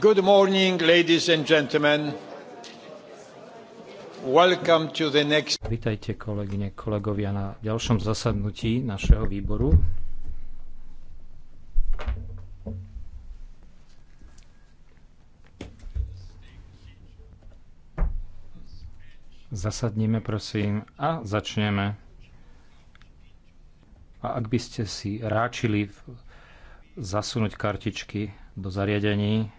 Good morning, ladies and gentlemen. Welcome to the next... Vítajte kolegyne, kolegovia na ďalšom zasadnutí našeho výboru. Zasadníme, prosím, a začneme. A ak by ste si ráčili zasunúť kartičky do zariadení,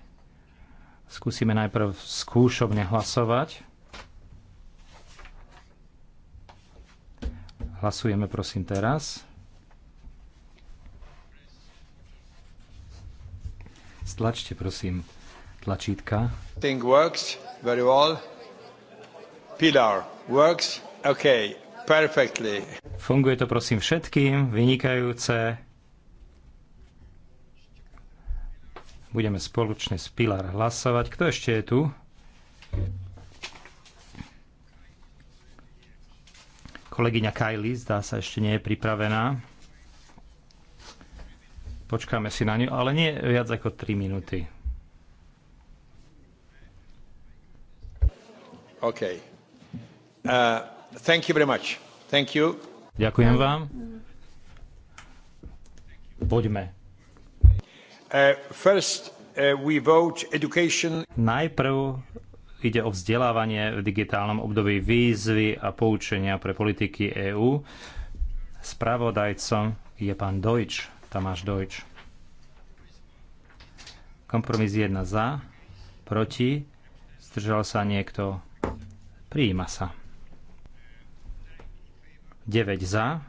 Skúsime najprv skúšobne hlasovať. Hlasujeme prosím teraz. Stlačte prosím tlačítka. Thing works very well. Pilar works okay, perfectly. Funguje to prosím všetkým, vynikajúce. Budeme spoločne s Pilar hlasovať. Kto ešte je tu? Kolegyňa Kylie zdá sa ešte nie je pripravená. Počkáme si na ňu, ale nie viac ako 3 minúty. OK. Uh, thank you very much. Thank you. Ďakujem vám. Poďme. Uh, uh, Najprv ide o vzdelávanie v digitálnom období výzvy a poučenia pre politiky EÚ. Spravodajcom je pán Deutsch, Tamáš Deutsch. Kompromis 1 za, proti, zdržal sa niekto, prijíma sa. 9 za,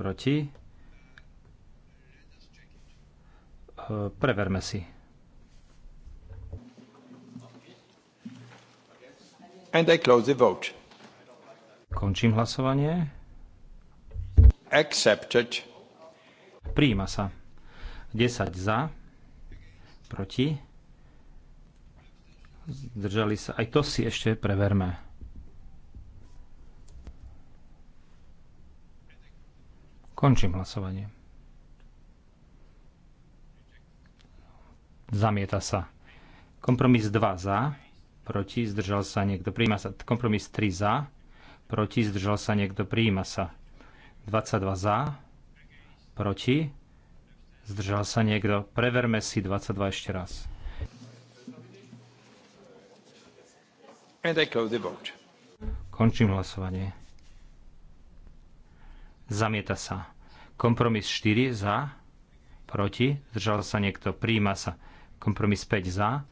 proti, Preverme si. And I close the vote. Končím hlasovanie. Accepted. Príjima sa. 10 za, proti. Zdržali sa. Aj to si ešte preverme. Končím hlasovanie. Zamieta sa. Kompromis 2 za, proti, zdržal sa niekto, príjma sa. Kompromis 3 za, proti, zdržal sa niekto, príjma sa. 22 za, proti, zdržal sa niekto. Preverme si 22 ešte raz. And I close the vote. Končím hlasovanie. Zamieta sa. Kompromis 4 za, proti, zdržal sa niekto, príjma sa. Kompromis 5 za,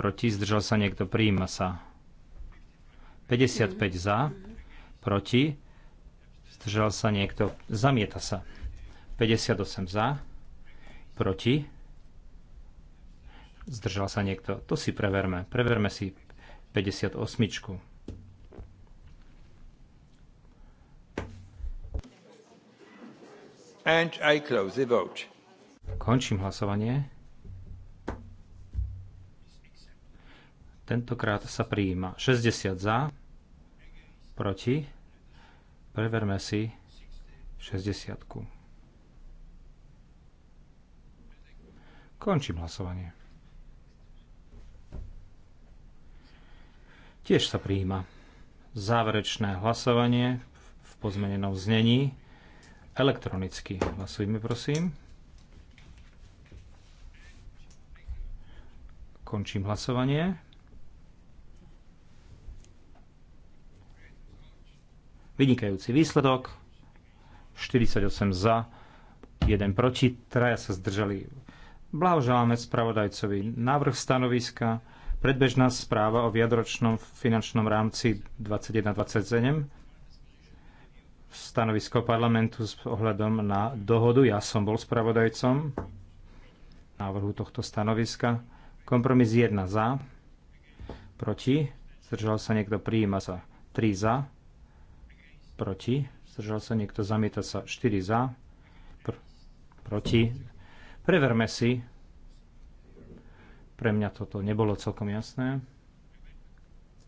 proti, zdržal sa niekto, prijíma sa. 55 za, proti, zdržal sa niekto, zamieta sa. 58 za, proti, zdržal sa niekto. To si preverme. Preverme si 58. And I close the vote. Končím hlasovanie. Tentokrát sa prijíma 60 za, proti. Preverme si 60. Končím hlasovanie. Tiež sa prijíma záverečné hlasovanie v pozmenenom znení elektronicky. Hlasujme, prosím. Končím hlasovanie. Vynikajúci výsledok. 48 za, 1 proti, traja sa zdržali. Blahoželáme spravodajcovi. Návrh stanoviska, predbežná správa o viadročnom finančnom rámci 21-27, stanovisko parlamentu s ohľadom na dohodu. Ja som bol spravodajcom návrhu tohto stanoviska. Kompromis 1 za, proti, zdržal sa niekto, prijíma sa 3 za, proti, zdržal sa niekto, zamieta sa 4 za, pr- proti. Preverme si, pre mňa toto nebolo celkom jasné.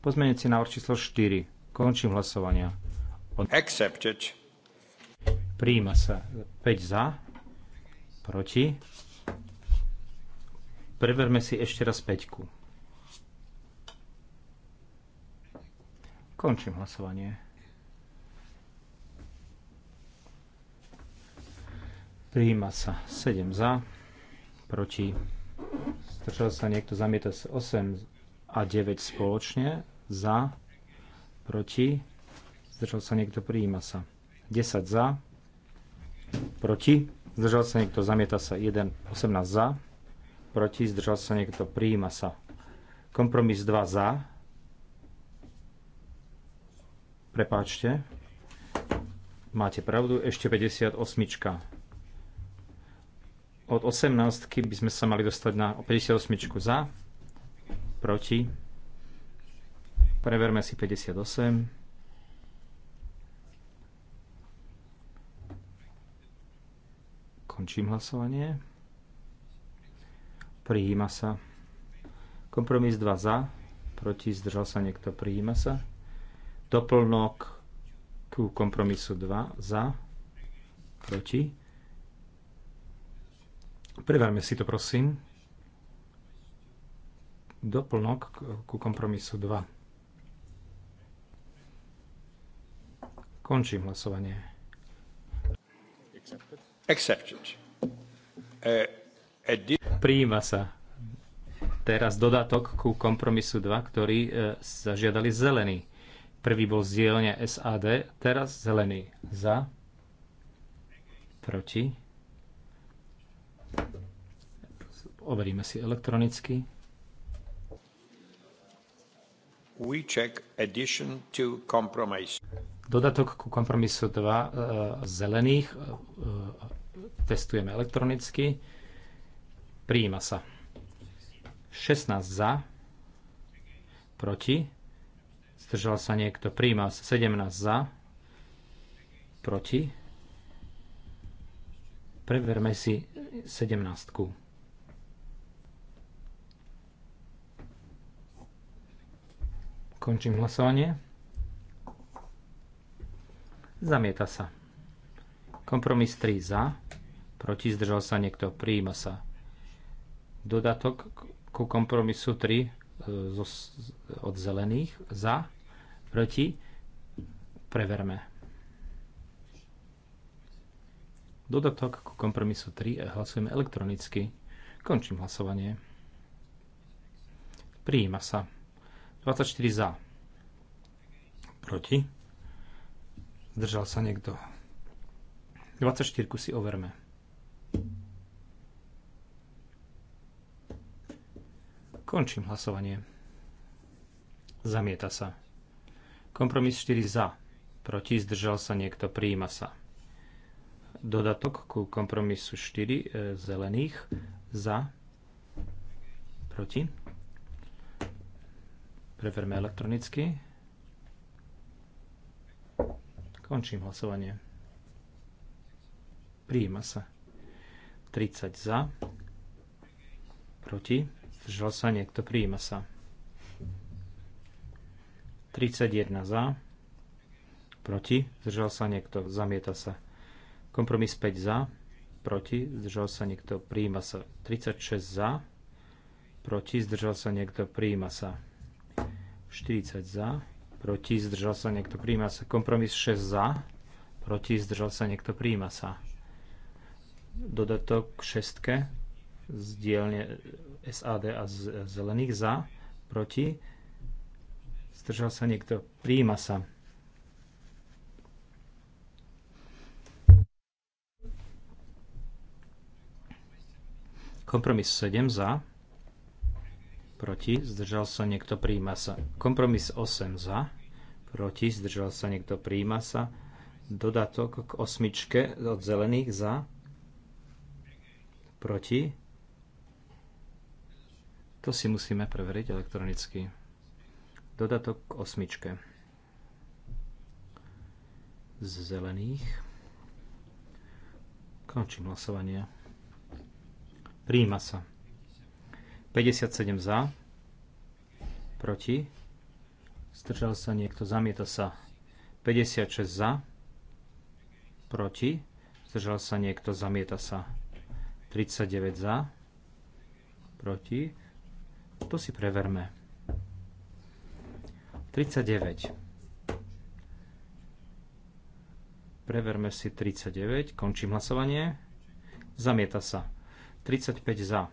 Pozmeniť si návrh číslo 4. Končím hlasovania. Od... Accepted. Príjima sa 5 za, proti. Preverme si ešte raz 5. Končím hlasovanie. Prijíma sa 7 za, proti, zdržal sa niekto, zamieta sa 8 a 9 spoločne, za, proti, zdržal sa niekto, prijíma sa 10 za, proti, zdržal sa niekto, zamieta sa 1, 18 za, proti, zdržal sa niekto, prijíma sa. Kompromis 2 za, prepáčte, máte pravdu, ešte 58 od 18 by sme sa mali dostať na 58 za, proti. Preverme si 58. Končím hlasovanie. Prijíma sa. Kompromis 2 za, proti, zdržal sa niekto, prijíma sa. Doplnok ku kompromisu 2 za, proti Preverme si to, prosím. Doplnok ku kompromisu 2. Končím hlasovanie. Accepted. Uh, Prijíma sa teraz dodatok ku kompromisu 2, ktorý uh, zažiadali zelený. Prvý bol z dielne SAD, teraz zelený. Za, proti, Overíme si elektronicky. We check addition to compromise. Dodatok ku kompromisu 2 e, zelených e, e, testujeme elektronicky. Prijíma sa. 16 za, proti, zdržal sa niekto, prijíma sa 17 za, proti. Preverme si 17. Končím hlasovanie. Zamieta sa. Kompromis 3 za, proti zdržal sa niekto, prijíma sa. Dodatok ku kompromisu 3 e, od zelených za, proti, preverme. Dodatok ku kompromisu 3 e, hlasujeme elektronicky. Končím hlasovanie. Prijíma sa. 24 za. Proti. Zdržal sa niekto. 24 si overme. Končím hlasovanie. Zamieta sa. Kompromis 4 za. Proti zdržal sa niekto. Prijíma sa. Dodatok ku kompromisu 4 e, zelených za. Proti Preverme elektronicky. Končím hlasovanie. Prijíma sa. 30 za. Proti. Zdržal sa niekto. Prijíma sa. 31 za. Proti. Zdržal sa niekto. Zamieta sa. Kompromis 5 za. Proti. Zdržal sa niekto. Prijíma sa. 36 za. Proti. Zdržal sa niekto. Prijíma sa. 40 za, proti, zdržal sa niekto, príjma sa. Kompromis 6 za, proti, zdržal sa niekto, príjma sa. Dodatok k šestke z dielne SAD a zelených za, proti, zdržal sa niekto, príjma sa. Kompromis 7 za, proti, zdržal sa niekto, príjma sa. Kompromis 8 za, proti, zdržal sa niekto, príjma sa. Dodatok k osmičke od zelených za, proti. To si musíme preveriť elektronicky. Dodatok k osmičke z zelených. Končím hlasovanie. Príjma sa. 57 za, proti, zdržal sa niekto, zamieta sa. 56 za, proti, zdržal sa niekto, zamieta sa. 39 za, proti, to si preverme. 39. Preverme si 39. Končím hlasovanie. Zamieta sa. 35 za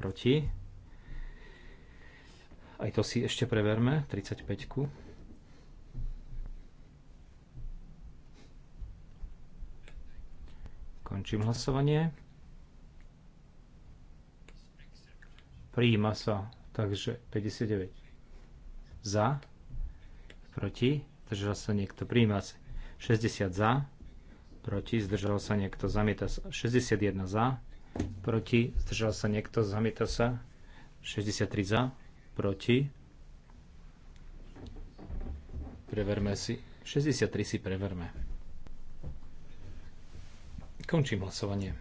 proti. Aj to si ešte preverme, 35. Končím hlasovanie. Prijíma sa, takže 59 za, proti, zdržal sa niekto, prijíma sa 60 za, proti, zdržal sa niekto, zamieta sa 61 za, proti, zdržal sa niekto, zamieta sa. 63 za, proti. Preverme si. 63 si preverme. Končím hlasovanie.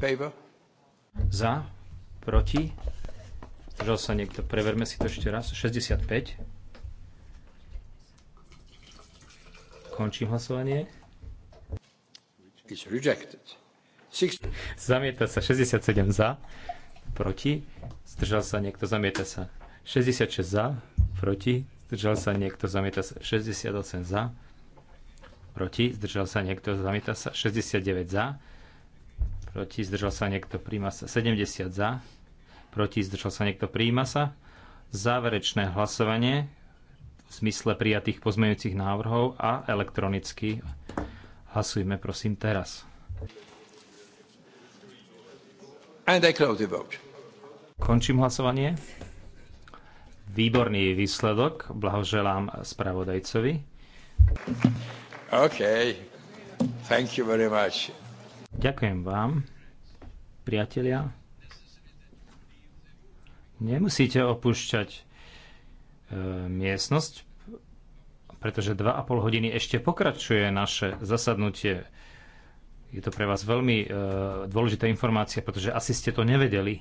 Favor. Za, proti. Zdržal sa niekto. Preverme si to ešte raz. 65. Končím hlasovanie is rejected. Six... Zamieta sa 67 za, proti, zdržal sa niekto, zamieta sa 66 za, proti, zdržal sa niekto, zamieta sa 68 za, proti, zdržal sa niekto, zamieta sa 69 za, proti, zdržal sa niekto, príjma sa 70 za, proti, zdržal sa niekto, príjma sa. Záverečné hlasovanie v zmysle prijatých pozmeňujúcich návrhov a elektronicky Hlasujme prosím teraz. And I close the vote. Končím hlasovanie. Výborný výsledok. Blahoželám spravodajcovi. OK. Thank you very much. Ďakujem vám, priatelia. Nemusíte opúšťať e, miestnosť, pretože 2,5 hodiny ešte pokračuje naše zasadnutie. Je to pre vás veľmi e, dôležitá informácia, pretože asi ste to nevedeli.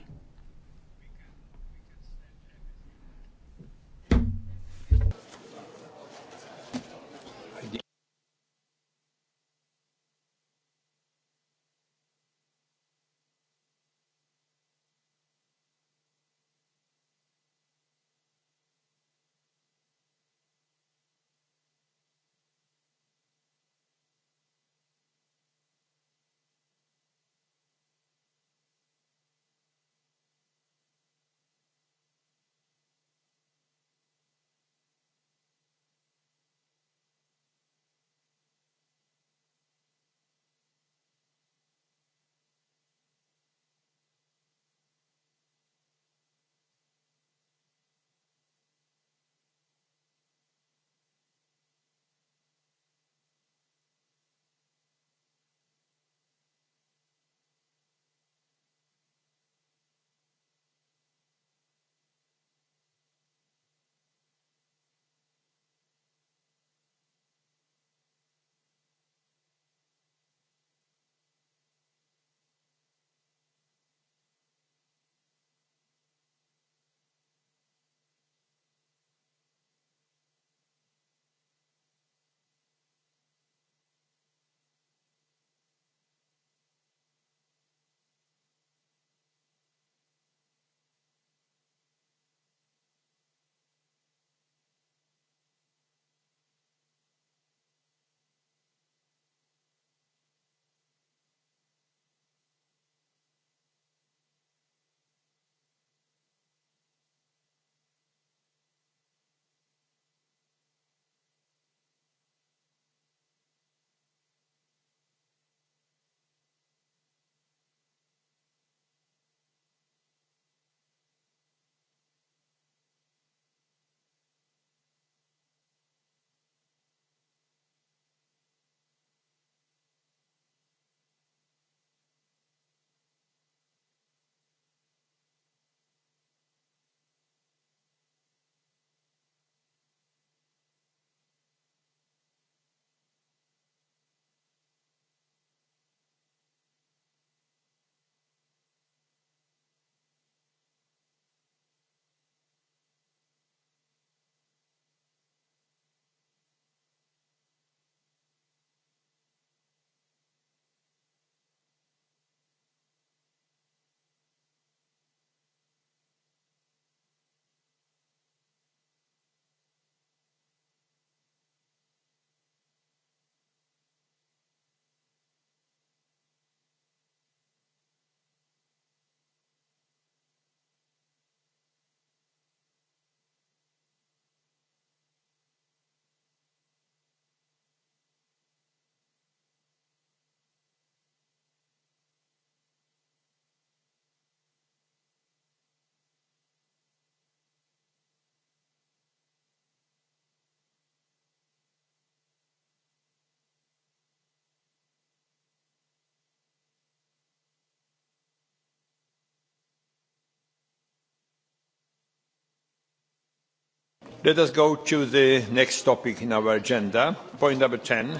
Let us go to the next topic in our agenda, point number 10,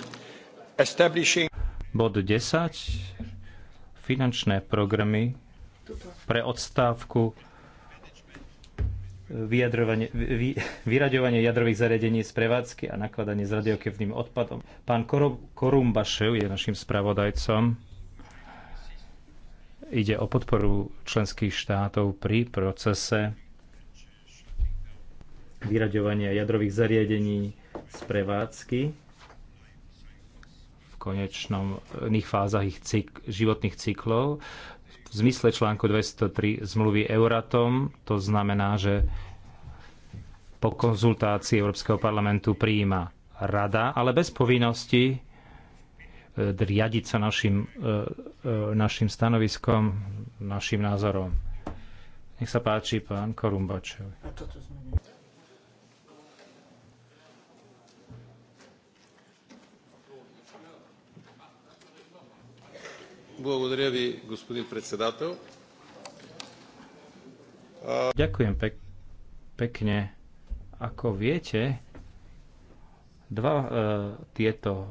establishing... Bod 10, finančné programy pre odstávku vy, vyraďovanie jadrových zariadení z prevádzky a nakladanie s radioaktívnym odpadom. Pán Korumbašev je našim spravodajcom. Ide o podporu členských štátov pri procese vyraďovania jadrových zariadení z prevádzky v konečných fázach ich cyk- životných cyklov. V zmysle článku 203 zmluvy Euratom to znamená, že po konzultácii Európskeho parlamentu prijíma rada, ale bez povinnosti e, riadiť sa našim, e, e, našim stanoviskom, našim názorom. Nech sa páči, pán Korumbačev. Благодаря ви, господин председател. Ďakujem pek- pekne. Ako viete, dva e, tieto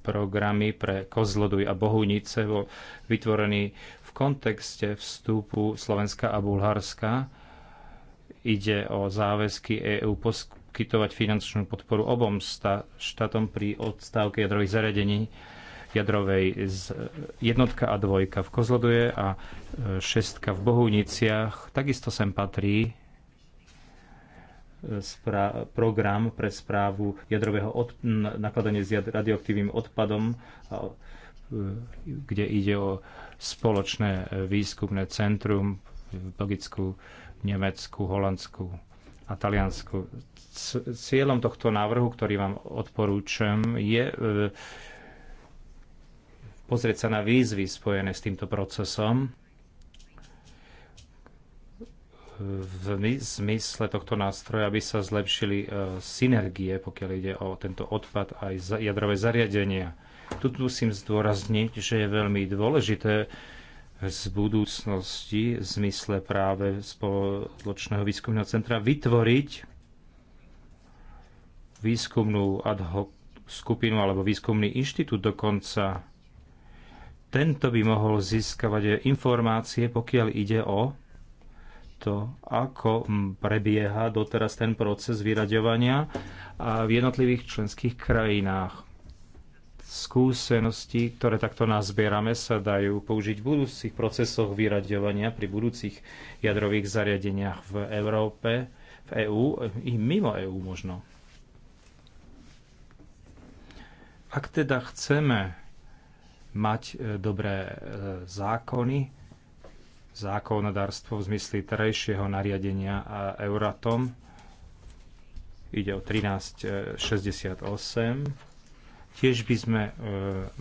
programy pre Kozloduj a Bohunice bol vytvorený v kontexte vstupu Slovenska a Bulharska. Ide o záväzky EÚ poskytovať finančnú podporu obom štátom pri odstávke jadrových zariadení jadrovej jednotka a dvojka v Kozloduje a e, šestka v Bohuniciach. Takisto sem patrí e, program pre správu jadrového od- nakladania s jad- radioaktívnym odpadom, e, kde ide o spoločné výskumné centrum v Belgicku, Nemecku, Holandsku a Taliansku. Cieľom tohto návrhu, ktorý vám odporúčam, je pozrieť sa na výzvy spojené s týmto procesom v zmysle tohto nástroja, aby sa zlepšili e, synergie, pokiaľ ide o tento odpad aj jadrové zariadenia. Tu musím zdôrazniť, že je veľmi dôležité z budúcnosti v zmysle práve spoločného výskumného centra vytvoriť výskumnú ad hoc skupinu alebo výskumný inštitút dokonca tento by mohol získavať informácie, pokiaľ ide o to, ako prebieha doteraz ten proces vyraďovania v jednotlivých členských krajinách. Skúsenosti, ktoré takto nazbierame, sa dajú použiť v budúcich procesoch vyraďovania pri budúcich jadrových zariadeniach v Európe, v EÚ i mimo EÚ možno. Ak teda chceme mať e, dobré e, zákony, zákonodárstvo v zmysle terajšieho nariadenia a Euratom. Ide o 1368. E, Tiež by sme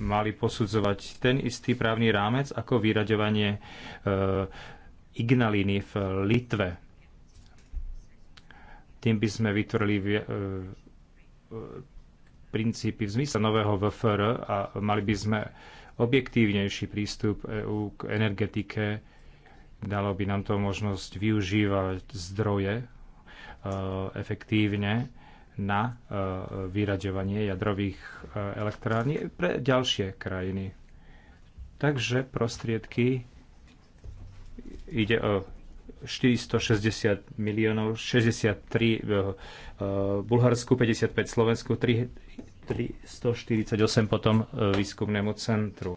mali posudzovať ten istý právny rámec ako vyraďovanie Ignaliny v Litve. Tým by sme vytvorili princípy v zmysle nového VFR a mali by sme objektívnejší prístup EÚ k energetike. Dalo by nám to možnosť využívať zdroje e, efektívne na e, vyraďovanie jadrových e, elektrární pre ďalšie krajiny. Takže prostriedky ide o 460 miliónov, 63 v Bulharsku, 55 v Slovensku, 3 348 potom e, výskumnému centru.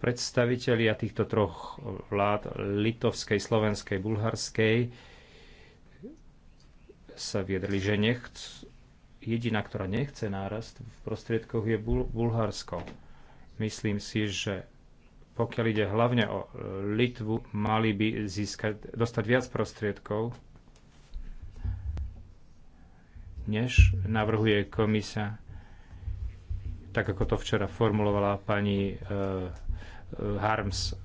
Predstavitelia týchto troch vlád, litovskej, slovenskej, bulharskej, sa viedli, že nechc, jediná, ktorá nechce nárast v prostriedkoch je Bul- Bulharsko. Myslím si, že pokiaľ ide hlavne o e, Litvu, mali by získať, dostať viac prostriedkov, než navrhuje komisia tak ako to včera formulovala pani e, e, Harms.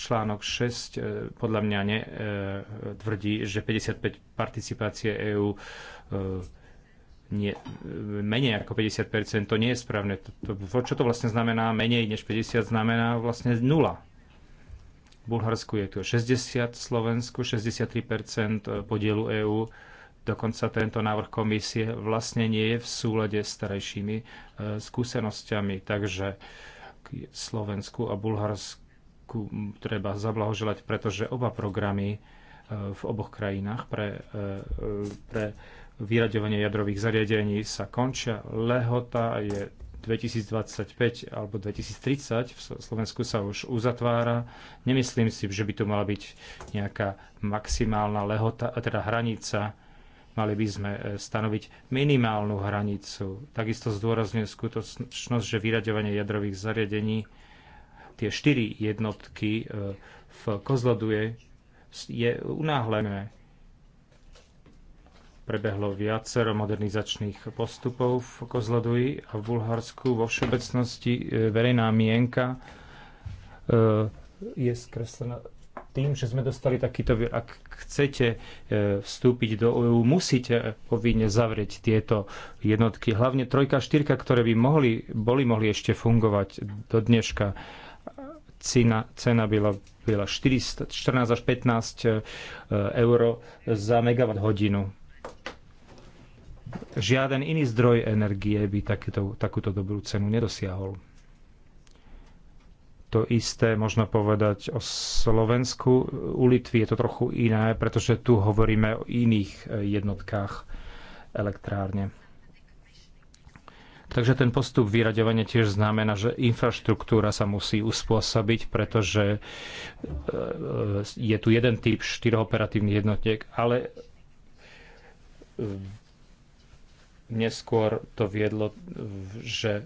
Článok 6 e, podľa mňa ne, tvrdí, že 55 participácie EÚ nie, menej ako 50%, to nie je správne. To, to, čo to vlastne znamená menej než 50, znamená vlastne nula. V Bulharsku je to 60, Slovensku 63% podielu EÚ, Dokonca tento návrh komisie vlastne nie je v súlade s starejšími e, skúsenosťami. Takže k Slovensku a Bulharsku treba zablahoželať, pretože oba programy e, v oboch krajinách pre, e, pre vyraďovanie jadrových zariadení sa končia. Lehota je 2025 alebo 2030 v Slovensku sa už uzatvára. Nemyslím si, že by tu mala byť nejaká maximálna lehota, teda hranica Mali by sme e, stanoviť minimálnu hranicu. Takisto zdôrazňuje skutočnosť, že vyraďovanie jadrových zariadení tie štyri jednotky e, v Kozloduje je unáhlené. Prebehlo viacero modernizačných postupov v Kozloduji a v Bulharsku vo všeobecnosti e, verejná mienka je skreslená tým, že sme dostali takýto vír. Ak chcete e, vstúpiť do EU, musíte povinne zavrieť tieto jednotky. Hlavne trojka, štyrka, ktoré by mohli, boli mohli ešte fungovať do dneška. Cena, cena byla, byla 400, 14 až 15 e, eur za megawatt hodinu. Žiaden iný zdroj energie by takúto, takúto dobrú cenu nedosiahol. To isté možno povedať o Slovensku. U Litvy je to trochu iné, pretože tu hovoríme o iných e, jednotkách elektrárne. Takže ten postup vyraďovania tiež znamená, že infraštruktúra sa musí uspôsobiť, pretože e, e, je tu jeden typ štyroch operatívnych jednotiek, ale neskôr to viedlo, že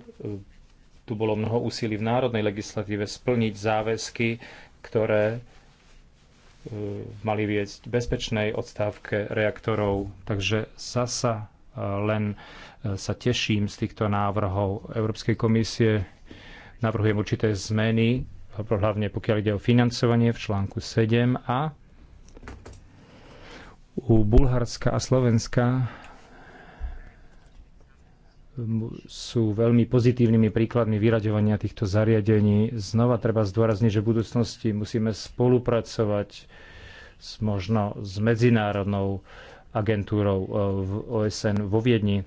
tu bolo mnoho úsilí v národnej legislatíve splniť záväzky, ktoré e, mali viesť bezpečnej odstávke reaktorov. Takže zasa e, len e, sa teším z týchto návrhov Európskej komisie. Navrhujem určité zmeny, hlavne pokiaľ ide o financovanie v článku 7 a u Bulharska a Slovenska sú veľmi pozitívnymi príkladmi vyraďovania týchto zariadení. Znova treba zdôrazniť, že v budúcnosti musíme spolupracovať s, možno s medzinárodnou agentúrou e, v OSN vo Viedni.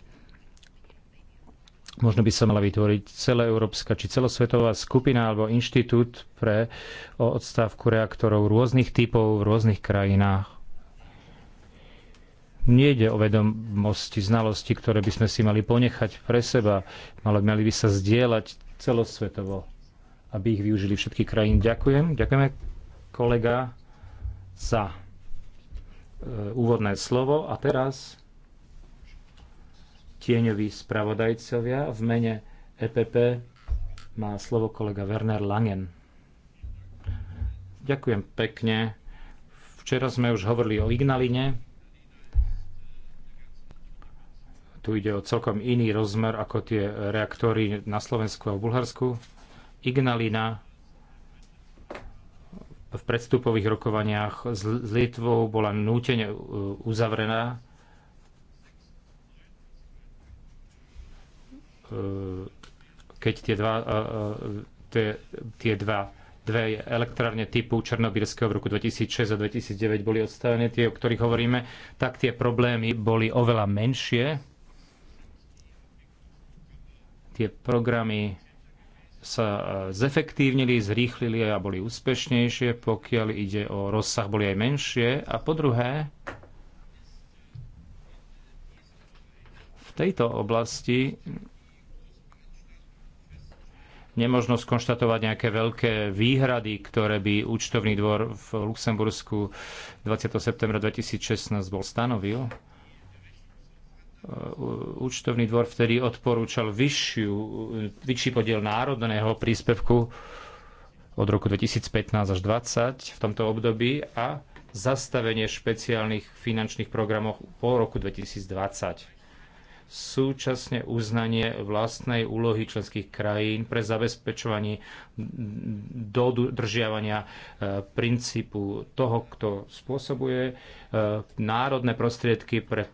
Možno by sa mala vytvoriť celoeurópska či celosvetová skupina alebo inštitút pre odstávku reaktorov rôznych typov v rôznych krajinách Nejde o vedomosti, znalosti, ktoré by sme si mali ponechať pre seba, ale mali by sa zdieľať celosvetovo, aby ich využili všetky krajiny. Ďakujem. Ďakujeme kolega za e, úvodné slovo. A teraz tieňoví spravodajcovia v mene EPP má slovo kolega Werner Langen. Ďakujem pekne. Včera sme už hovorili o Ignaline Tu ide o celkom iný rozmer ako tie reaktory na Slovensku a v Bulharsku. Ignalina v predstupových rokovaniach s Litvou bola nútene uh, uzavrená. Uh, keď tie dva, uh, tie, tie dva dve elektrárne typu Černobyrského v roku 2006 a 2009 boli odstavené, tie, o ktorých hovoríme, tak tie problémy boli oveľa menšie Tie programy sa e, zefektívnili, zrýchlili a boli úspešnejšie, pokiaľ ide o rozsah, boli aj menšie. A po druhé, v tejto oblasti nemožno skonštatovať nejaké veľké výhrady, ktoré by účtovný dvor v Luxembursku 20. septembra 2016 bol stanovil. Uh, účtovný dvor vtedy odporúčal vyššiu, uh, vyšší podiel národného príspevku od roku 2015 až 2020 v tomto období a zastavenie špeciálnych finančných programov po roku 2020 súčasne uznanie vlastnej úlohy členských krajín pre zabezpečovanie dodržiavania e, princípu toho, kto spôsobuje e, národné prostriedky pre e,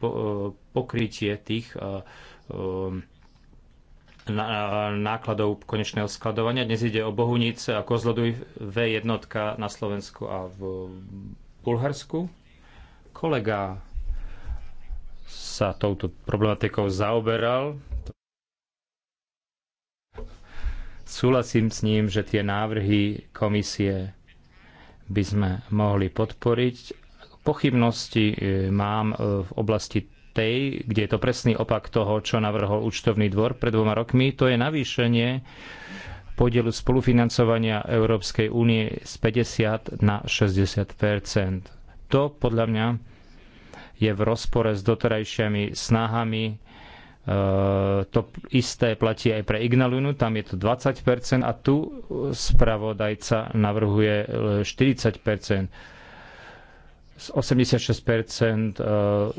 pokrytie tých nákladov konečného skladovania. Dnes ide o Bohunice a Kozloduj V1 na Slovensku a v Bulharsku. Kolega sa touto problematikou zaoberal. Súhlasím s ním, že tie návrhy komisie by sme mohli podporiť. Pochybnosti e, mám e, v oblasti tej, kde je to presný opak toho, čo navrhol účtovný dvor pred dvoma rokmi, to je navýšenie podielu spolufinancovania Európskej únie z 50 na 60 To podľa mňa je v rozpore s doterajšiami snahami. E, to isté platí aj pre Ignalinu, tam je to 20% a tu spravodajca navrhuje 40% e, z 86 e,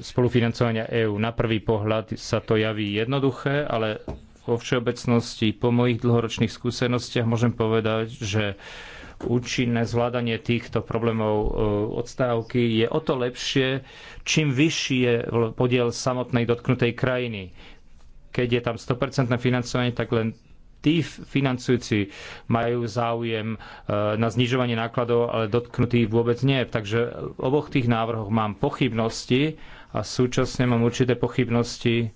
spolufinancovania EÚ. Na prvý pohľad sa to javí jednoduché, ale vo všeobecnosti po mojich dlhoročných skúsenostiach môžem povedať, že účinné zvládanie týchto problémov e, odstávky je o to lepšie, čím vyšší je podiel samotnej dotknutej krajiny. Keď je tam 100% financovanie, tak len tí financujúci majú záujem e, na znižovanie nákladov, ale dotknutí vôbec nie. Takže v oboch tých návrhoch mám pochybnosti a súčasne mám určité pochybnosti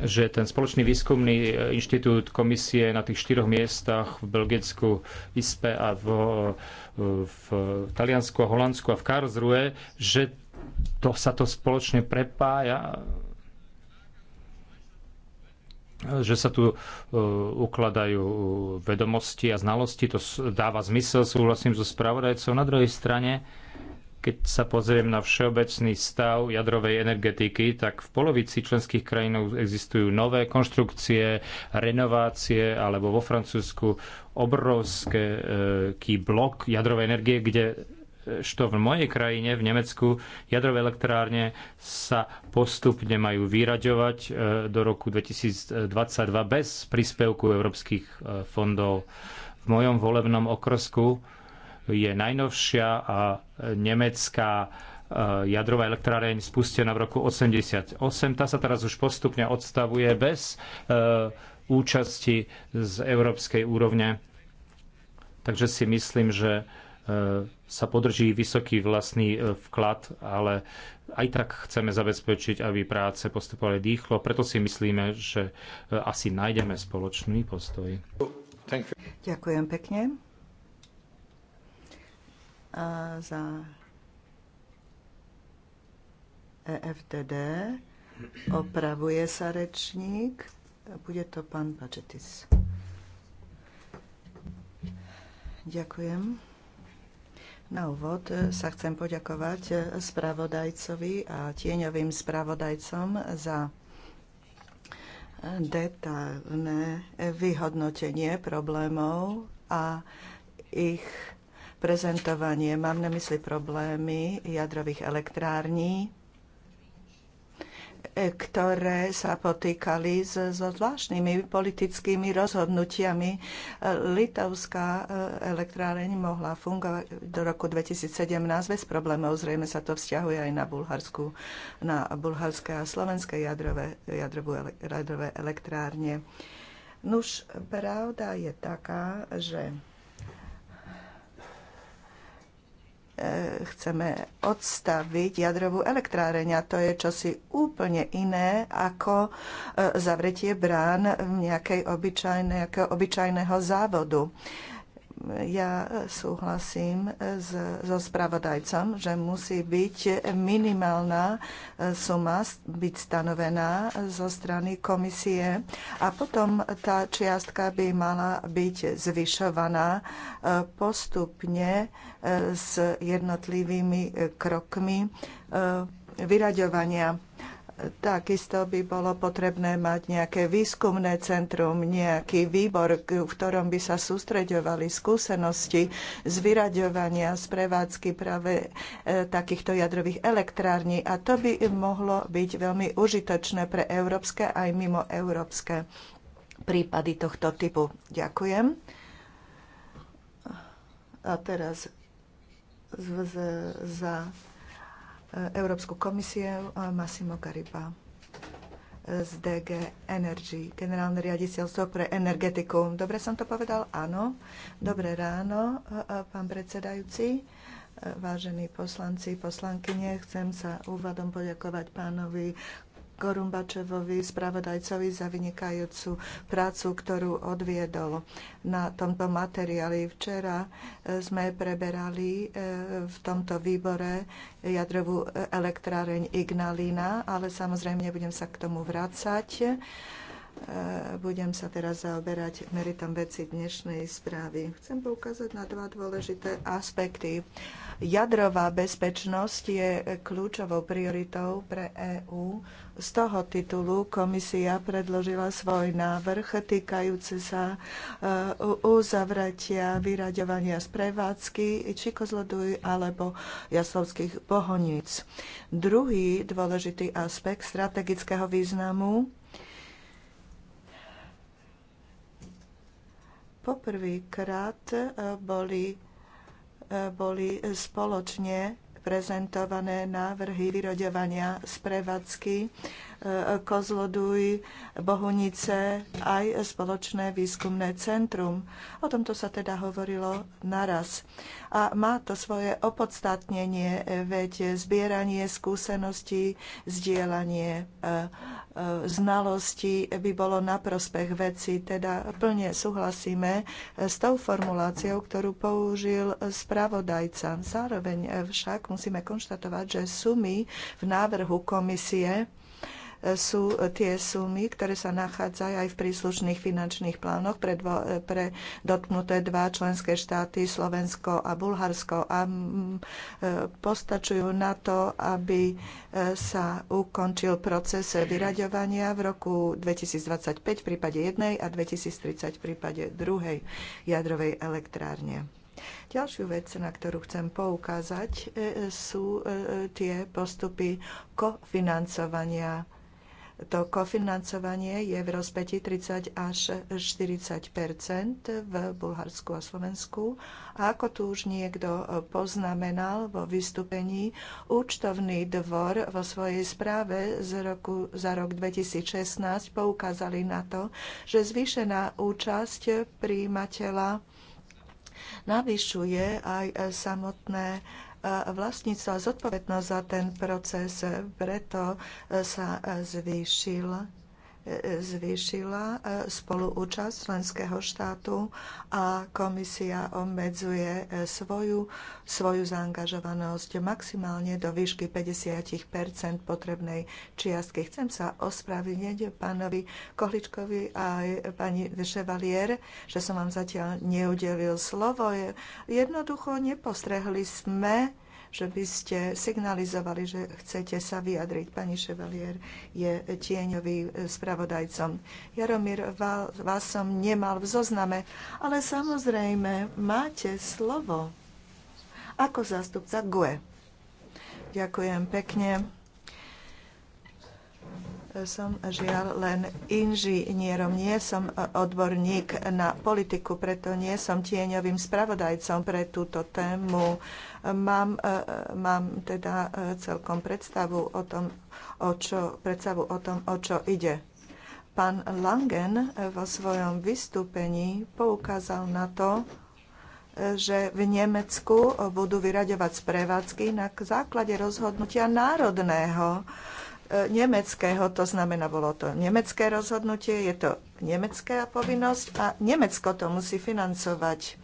že ten spoločný výskumný e, inštitút komisie na tých štyroch miestach v Belgicku, ISPE a v, e, v Taliansku a Holandsku a v Karlsruhe, že to sa to spoločne prepája že sa tu e, ukladajú vedomosti a znalosti, to dáva zmysel, súhlasím so spravodajcom. Na druhej strane, keď sa pozriem na všeobecný stav jadrovej energetiky, tak v polovici členských krajín existujú nové konštrukcie, renovácie, alebo vo Francúzsku obrovský e, blok jadrovej energie, kde što v mojej krajine, v Nemecku, jadrové elektrárne sa postupne majú vyraďovať e, do roku 2022 bez príspevku európskych e, fondov. V mojom volebnom okrsku je najnovšia a nemecká eh, jadrová elektráreň spustená v roku 88. Tá sa teraz už postupne odstavuje bez eh, účasti z európskej úrovne. Takže si myslím, že eh, sa podrží vysoký vlastný vklad, ale aj tak chceme zabezpečiť, aby práce postupovali dýchlo. Preto si myslíme, že asi nájdeme spoločný postoj. Ďakujem pekne. A za EFTD. Opravuje sa rečník. Bude to pán Pačetis. Ďakujem. Na úvod sa chcem poďakovať spravodajcovi a tieňovým spravodajcom za detailné vyhodnotenie problémov a ich prezentovanie. Mám na mysli problémy jadrových elektrární, e, ktoré sa potýkali so zvláštnymi politickými rozhodnutiami. E, Litovská e, elektráreň mohla fungovať do roku 2017 bez problémov. Zrejme sa to vzťahuje aj na, Bulharsku, na bulharské a slovenské jadrové, jadrové elektrárne. Nuž, pravda je taká, že E, chceme odstaviť jadrovú elektráreň a to je čosi úplne iné ako e, zavretie brán v nejakej obyčajného závodu ja e, súhlasím e, s, so spravodajcom, že musí byť minimálna e, suma byť stanovená zo strany komisie a potom tá čiastka by mala byť zvyšovaná postupne s jednotlivými krokmi vyraďovania Takisto by bolo potrebné mať nejaké výskumné centrum, nejaký výbor, v ktorom by sa sústreďovali skúsenosti z vyraďovania, z prevádzky práve e, takýchto jadrových elektrární. A to by mohlo byť veľmi užitočné pre európske aj mimo európske prípady tohto typu. Ďakujem. A teraz za Európsku komisiu eh, Massimo Gariba eh, z DG Energy, generálne riaditeľstvo pre energetiku. Dobre som to povedal? Áno. Dobré ráno, eh, pán predsedajúci, vážení poslanci, poslankyne. Chcem sa úvodom poďakovať pánovi Korumbačevovi, spravodajcovi za vynikajúcu prácu, ktorú odviedol na tomto materiáli. Včera e, sme preberali e, v tomto výbore jadrovú elektráreň Ignalina, ale samozrejme nebudem sa k tomu vrácať budem sa teraz zaoberať meritom veci dnešnej správy. Chcem poukázať na dva dôležité aspekty. Jadrová bezpečnosť je kľúčovou prioritou pre EÚ. Z toho titulu komisia predložila svoj návrh týkajúci sa e, uzavretia, vyraďovania z prevádzky či kozloduj alebo jaslovských pohoníc. Druhý dôležitý aspekt strategického významu Poprvýkrát e, boli, e, boli spoločne prezentované návrhy vyroďovania z prevádzky e, Kozloduj, Bohunice, aj spoločné výskumné centrum. O tomto sa teda hovorilo naraz. A má to svoje opodstatnenie, veď zbieranie skúseností, zdieľanie E, znalosti by bolo na prospech veci. Teda plne súhlasíme s tou formuláciou, ktorú použil spravodajca. Zároveň však musíme konštatovať, že sumy v návrhu komisie sú tie sumy, ktoré sa nachádzajú aj v príslušných finančných plánoch pre, dvo, pre dotknuté dva členské štáty, Slovensko a Bulharsko. A e, postačujú na to, aby e, sa ukončil proces vyraďovania v roku 2025 v prípade jednej a 2030 v prípade druhej jadrovej elektrárne. Ďalšiu vec, na ktorú chcem poukázať, e, sú tie postupy kofinancovania to kofinancovanie je v rozpeti 30 až 40 v Bulharsku a Slovensku. A ako tu už niekto poznamenal vo vystúpení, účtovný dvor vo svojej správe z roku, za rok 2016 poukázali na to, že zvýšená účasť príjimateľa navyšuje aj samotné vlastníctvo a zodpovednosť za ten proces, preto e, sa e, zvýšil zvýšila e, spoluúčasť členského štátu a komisia obmedzuje e, svoju, svoju zaangažovanosť maximálne do výšky 50 potrebnej čiastky. Chcem sa ospravedlniť pánovi Kohličkovi a aj pani Vševalier, že som vám zatiaľ neudelil slovo. Jednoducho nepostrehli sme, že by ste signalizovali, že chcete sa vyjadriť. Pani Ševalier je tieňový e, spravodajcom. Jaromír, vás som nemal v zozname, ale samozrejme máte slovo ako zástupca GUE. Ďakujem pekne som žiaľ len inžinierom, nie som e, odborník na politiku, preto nie som tieňovým spravodajcom pre túto tému. Mám, e, mám teda e, celkom predstavu o tom, o čo, predstavu o tom, o čo ide. Pán Langen vo svojom vystúpení poukázal na to, že v Nemecku budú vyraďovať z prevádzky na základe rozhodnutia národného E, nemeckého, to znamená, bolo to nemecké rozhodnutie, je to nemecká povinnosť a Nemecko to musí financovať.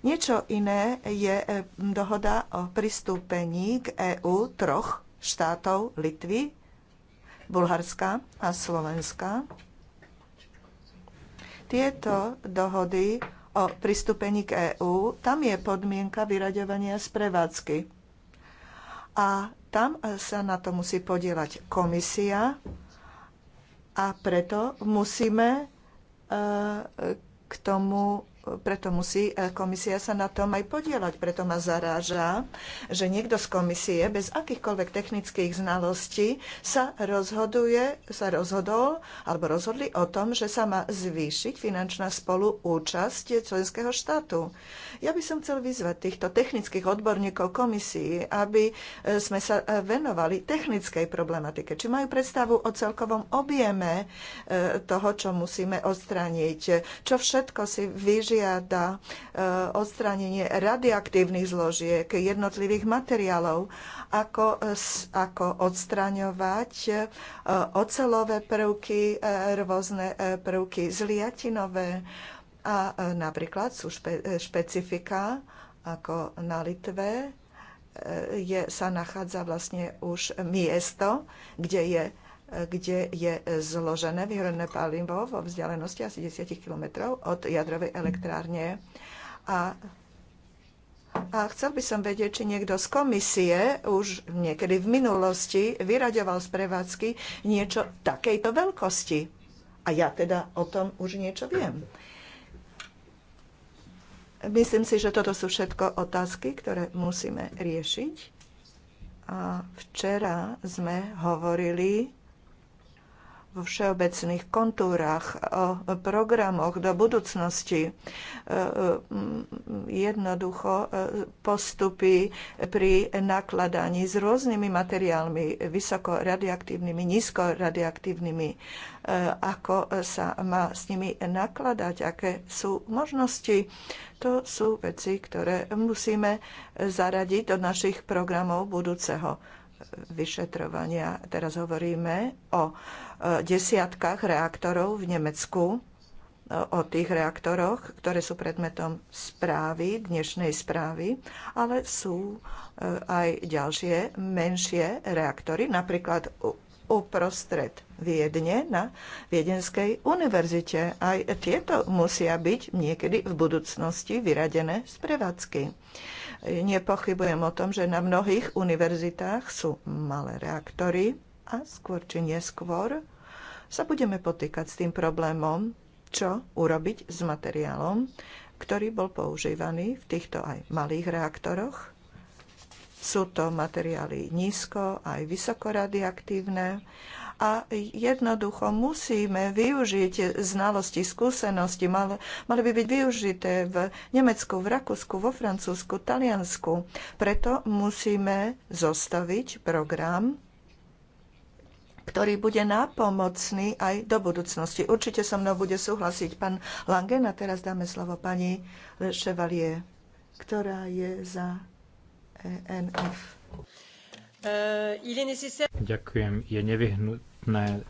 Niečo iné je e, dohoda o pristúpení k EÚ troch štátov Litvy, Bulharska a Slovenska. Tieto dohody o pristúpení k EÚ, tam je podmienka vyraďovania z prevádzky. A tam eh, sa na to musí podielať komisia a preto musíme eh, k tomu preto musí eh, komisia sa na tom aj podielať. Preto ma zaráža, že niekto z komisie bez akýchkoľvek technických znalostí sa rozhoduje, sa rozhodol alebo rozhodli o tom, že sa má zvýšiť finančná spoluúčasť členského štátu. Ja by som chcel vyzvať týchto technických odborníkov komisii, aby e, sme sa e, venovali technickej problematike. Či majú predstavu o celkovom objeme e, toho, čo musíme odstrániť, čo všetko si vyžiada odstránenie radioaktívnych zložiek, jednotlivých materiálov, ako, ako odstraňovať ocelové prvky, rôzne prvky zliatinové, a e, napríklad sú špe, e, špecifika, ako na Litve e, je, sa nachádza vlastne už miesto, kde je, kde je zložené vyhronené palivo vo vzdialenosti asi 10 km od jadrovej elektrárne. A a chcel by som vedieť, či niekto z komisie už niekedy v minulosti vyraďoval z prevádzky niečo takejto veľkosti. A ja teda o tom už niečo viem. Myslím si, že toto sú všetko otázky, ktoré musíme riešiť. A včera sme hovorili vo všeobecných kontúrach, o programoch do budúcnosti, e, e, jednoducho e, postupy pri nakladaní s rôznymi materiálmi, vysokoradioaktívnymi, nízkoradioaktívnymi, ako sa má s nimi nakladať, aké sú možnosti. To sú veci, ktoré musíme zaradiť do našich programov budúceho vyšetrovania. Teraz hovoríme o e, desiatkách reaktorov v Nemecku, e, o tých reaktoroch, ktoré sú predmetom správy, dnešnej správy, ale sú e, aj ďalšie menšie reaktory, napríklad uprostred Viedne na Viedenskej univerzite. Aj tieto musia byť niekedy v budúcnosti vyradené z prevádzky. Nepochybujem o tom, že na mnohých univerzitách sú malé reaktory a skôr či neskôr sa budeme potýkať s tým problémom, čo urobiť s materiálom, ktorý bol používaný v týchto aj malých reaktoroch. Sú to materiály nízko aj vysoko radioaktívne a jednoducho musíme využiť znalosti, skúsenosti. Mal, mali by byť využité v Nemecku, v Rakúsku, vo Francúzsku, Taliansku. Preto musíme zostaviť program ktorý bude nápomocný aj do budúcnosti. Určite so mnou bude súhlasiť pán Langen a teraz dáme slovo pani Chevalier, ktorá je za ENF. Uh, Ďakujem. Je nevyhnut, nutné e,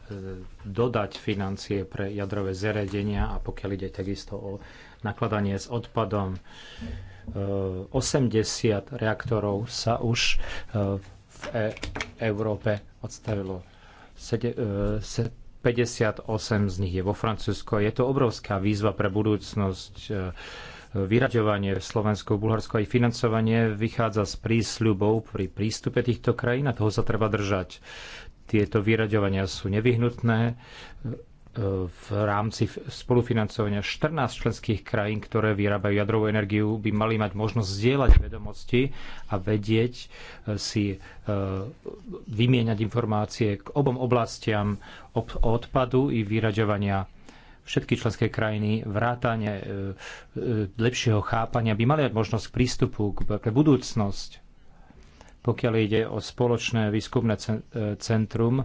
dodať financie pre jadrové zariadenia a pokiaľ ide takisto o nakladanie s odpadom. 80 e, reaktorov sa už e, v Európe odstavilo. 58 z nich je vo Francúzsku. Je to obrovská výzva pre budúcnosť. Vyraďovanie v Slovensku, Bulharsku aj financovanie vychádza z prísľubov pri prístupe týchto krajín a toho sa treba držať. Tieto vyraďovania sú nevyhnutné e, v rámci spolufinancovania 14 členských krajín, ktoré vyrábajú jadrovú energiu, by mali mať možnosť zdieľať vedomosti a vedieť e, si e, vymieňať informácie k obom oblastiam odpadu i vyraďovania všetky členské krajiny vrátane lepšieho chápania by mali mať možnosť prístupu k budúcnosť pokiaľ ide o spoločné výskumné e, centrum,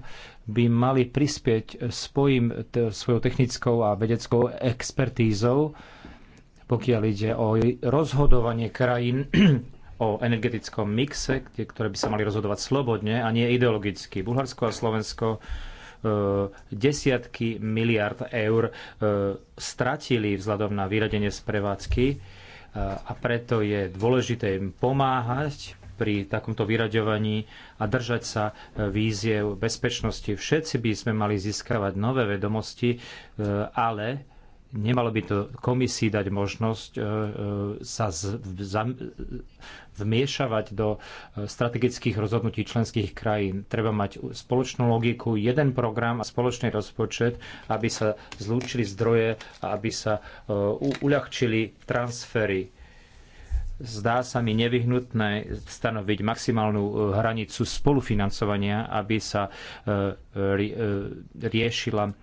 by mali prispieť svojim, svojou technickou a vedeckou expertízou, pokiaľ ide o rozhodovanie krajín o energetickom mixe, ktoré by sa mali rozhodovať slobodne a nie ideologicky. Bulharsko a Slovensko e, desiatky miliard eur e, stratili vzhľadom na vyradenie z prevádzky a preto je dôležité im pomáhať pri takomto vyraďovaní a držať sa e, víziev bezpečnosti. Všetci by sme mali získavať nové vedomosti, e, ale nemalo by to komisii dať možnosť e, sa vmiešavať do strategických rozhodnutí členských krajín. Treba mať spoločnú logiku, jeden program a spoločný rozpočet, aby sa zlúčili zdroje a aby sa uľahčili transfery zdá sa mi nevyhnutné stanoviť maximálnu e, hranicu spolufinancovania, aby sa e, e, riešila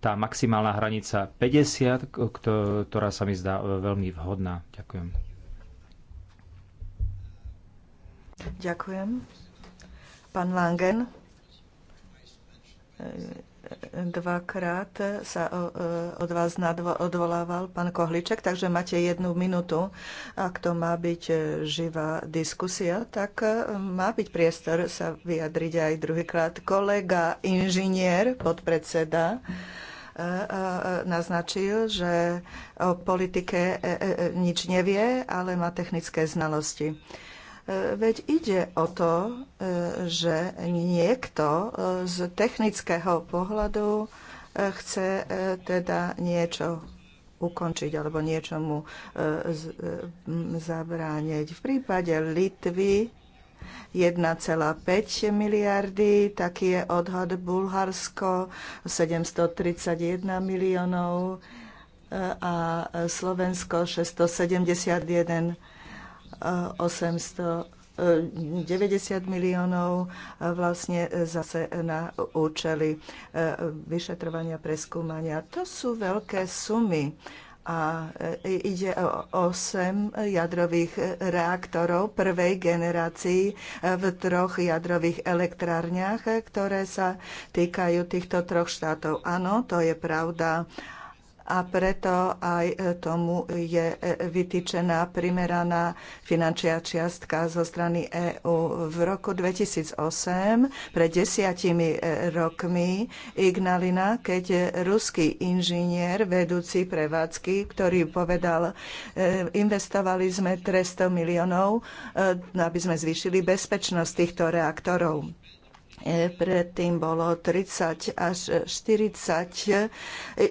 tá maximálna hranica 50, ktorá sa mi zdá veľmi vhodná. Ďakujem. Ďakujem. Pán Langen dvakrát sa e, e, od vás odvolával pán Kohliček, takže máte jednu minútu. Ak to má byť e, živá diskusia, tak má byť priestor sa vyjadriť aj druhýkrát. Kolega, inžinier, podpredseda, naznačil, že o politike nič nevie, ale má technické znalosti. E, veď ide o to, e, že niekto e, z technického pohľadu chce teda niečo ukončiť alebo niečomu zabrániť. V prípade Litvy 1,5 miliardy, taký je odhad Bulharsko 731 miliónov a Slovensko 671 miliónov 800 90 e, miliónov e, vlastne e, zase na účely vyšetrovania, preskúmania. To sú veľké sumy a ide o 8 jadrových reaktorov prvej generácii v troch jadrových elektrárniach, ktoré sa týkajú týchto troch štátov. Áno, to je pravda a preto aj e, tomu je e, vytýčená primeraná finančná čiastka zo strany EÚ. V roku 2008, pred desiatimi e, rokmi, Ignalina, keď ruský inžinier, vedúci prevádzky, ktorý povedal, investovali sme 300 miliónov, aby sme zvýšili bezpečnosť týchto reaktorov E, predtým bolo 30 až 40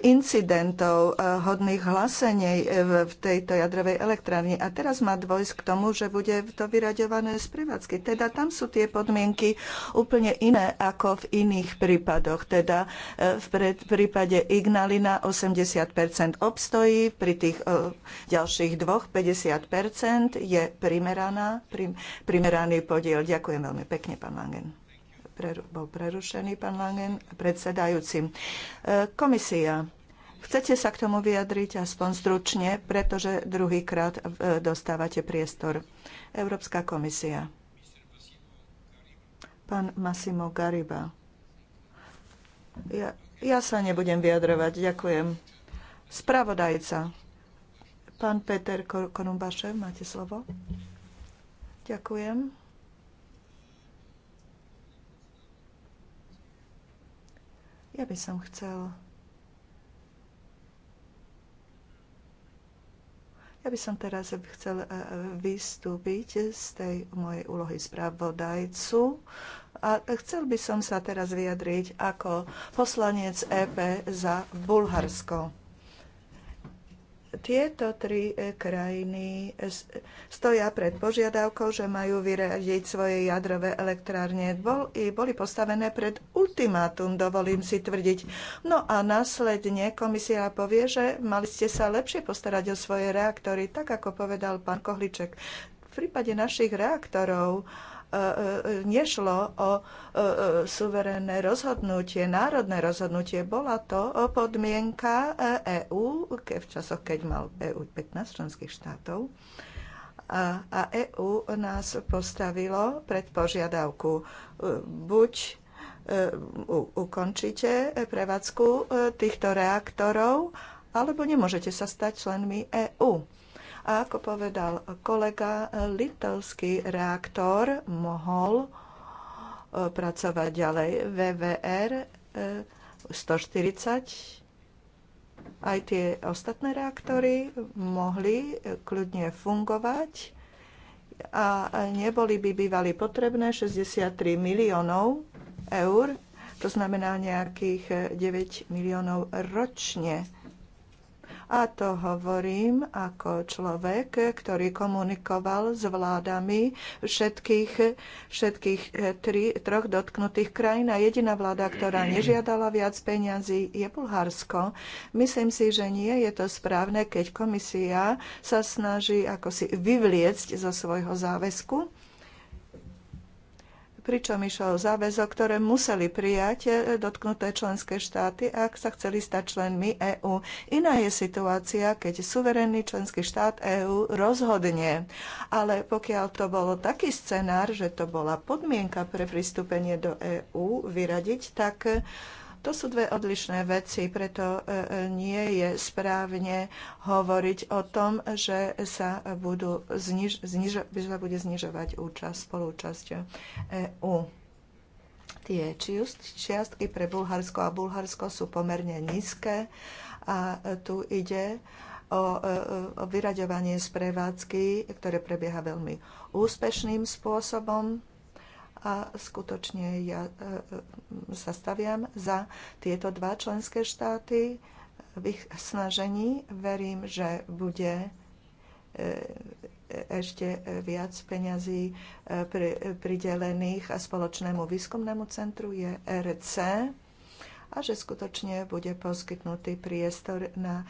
incidentov e, hodných hlasení e, v tejto jadrovej elektrárni. A teraz má dvojsť k tomu, že bude to vyraďované z prevádzky. Teda tam sú tie podmienky úplne iné ako v iných prípadoch. Teda v prípade Ignalina 80 obstojí, pri tých ďalších dvoch 50 je primeraná, prim, primeraný podiel. Ďakujem veľmi pekne, pán Langen preru, bol prerušený pán Langen predsedajúcim. E, komisia, chcete sa k tomu vyjadriť aspoň stručne, pretože druhýkrát e, dostávate priestor. Európska komisia. Pán Massimo Gariba. Ja, ja sa nebudem vyjadrovať, ďakujem. Spravodajca. Pán Peter Korumbašev, máte slovo. Ďakujem. Ja by som chcel Ja by som teraz chcel e, vystúpiť z tej mojej úlohy spravodajcu a chcel by som sa teraz vyjadriť ako poslanec EP za Bulharsko. Tieto tri e, krajiny e, stoja pred požiadavkou, že majú vyradiť svoje jadrové elektrárne. Bol, boli postavené pred ultimátum, dovolím si tvrdiť. No a následne komisia povie, že mali ste sa lepšie postarať o svoje reaktory, tak ako povedal pán Kohliček. V prípade našich reaktorov E, e, nešlo o e, suverénne rozhodnutie, národné rozhodnutie. Bola to podmienka EÚ v časoch, keď mal EÚ 15 členských štátov. A EÚ nás postavilo pred požiadavku buď ukončíte prevádzku týchto reaktorov, alebo nemôžete sa stať členmi EÚ a ako povedal kolega, litovský reaktor mohol e, pracovať ďalej. VVR 140 e, aj tie ostatné reaktory mohli e, kľudne fungovať a neboli by bývali potrebné 63 miliónov eur, to znamená nejakých 9 miliónov ročne a to hovorím ako človek, ktorý komunikoval s vládami všetkých, všetkých eh, tri, troch dotknutých krajín. A jediná vláda, ktorá nežiadala viac peňazí, je Bulharsko. Myslím si, že nie je to správne, keď komisia sa snaží ako si vyvliecť zo svojho záväzku pričom išlo o záväzok, ktoré museli prijať e, dotknuté členské štáty, ak sa chceli stať členmi EÚ. Iná je situácia, keď suverénny členský štát EÚ rozhodne. Ale pokiaľ to bolo taký scenár, že to bola podmienka pre pristúpenie do EÚ vyradiť, tak to sú dve odlišné veci, preto e, e, nie je správne hovoriť o tom, že sa, budú zniž, zniž, že sa bude znižovať účasť, spolúčasť EU. Tie čiastky pre Bulharsko a Bulharsko sú pomerne nízke a tu ide o, e, o vyraďovanie z prevádzky, ktoré prebieha veľmi úspešným spôsobom a skutočne ja e, e, sa staviam za tieto dva členské štáty v ich snažení. Verím, že bude e, ešte viac peňazí pridelených spoločnému výskumnému centru je RC a že skutočne bude poskytnutý priestor na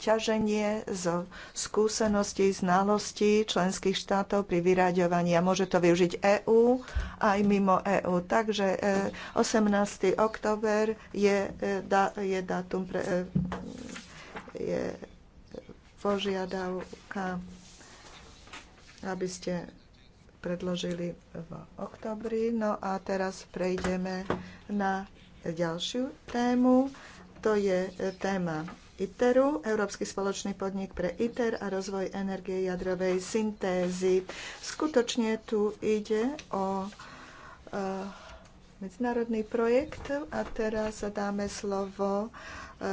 ťaženie zo skúseností, znalostí členských štátov pri vyraďovaní a môže to využiť EÚ aj mimo EÚ. Takže 18. E, október je, e, je dátum pre, e, je požiadavka, aby ste predložili v oktobri. No a teraz prejdeme na ďalšiu tému. To je e, téma ITERu, Európsky spoločný podnik pre ITER a rozvoj energie jadrovej syntézy. Skutočne tu ide o e, medzinárodný projekt a teraz dáme slovo e,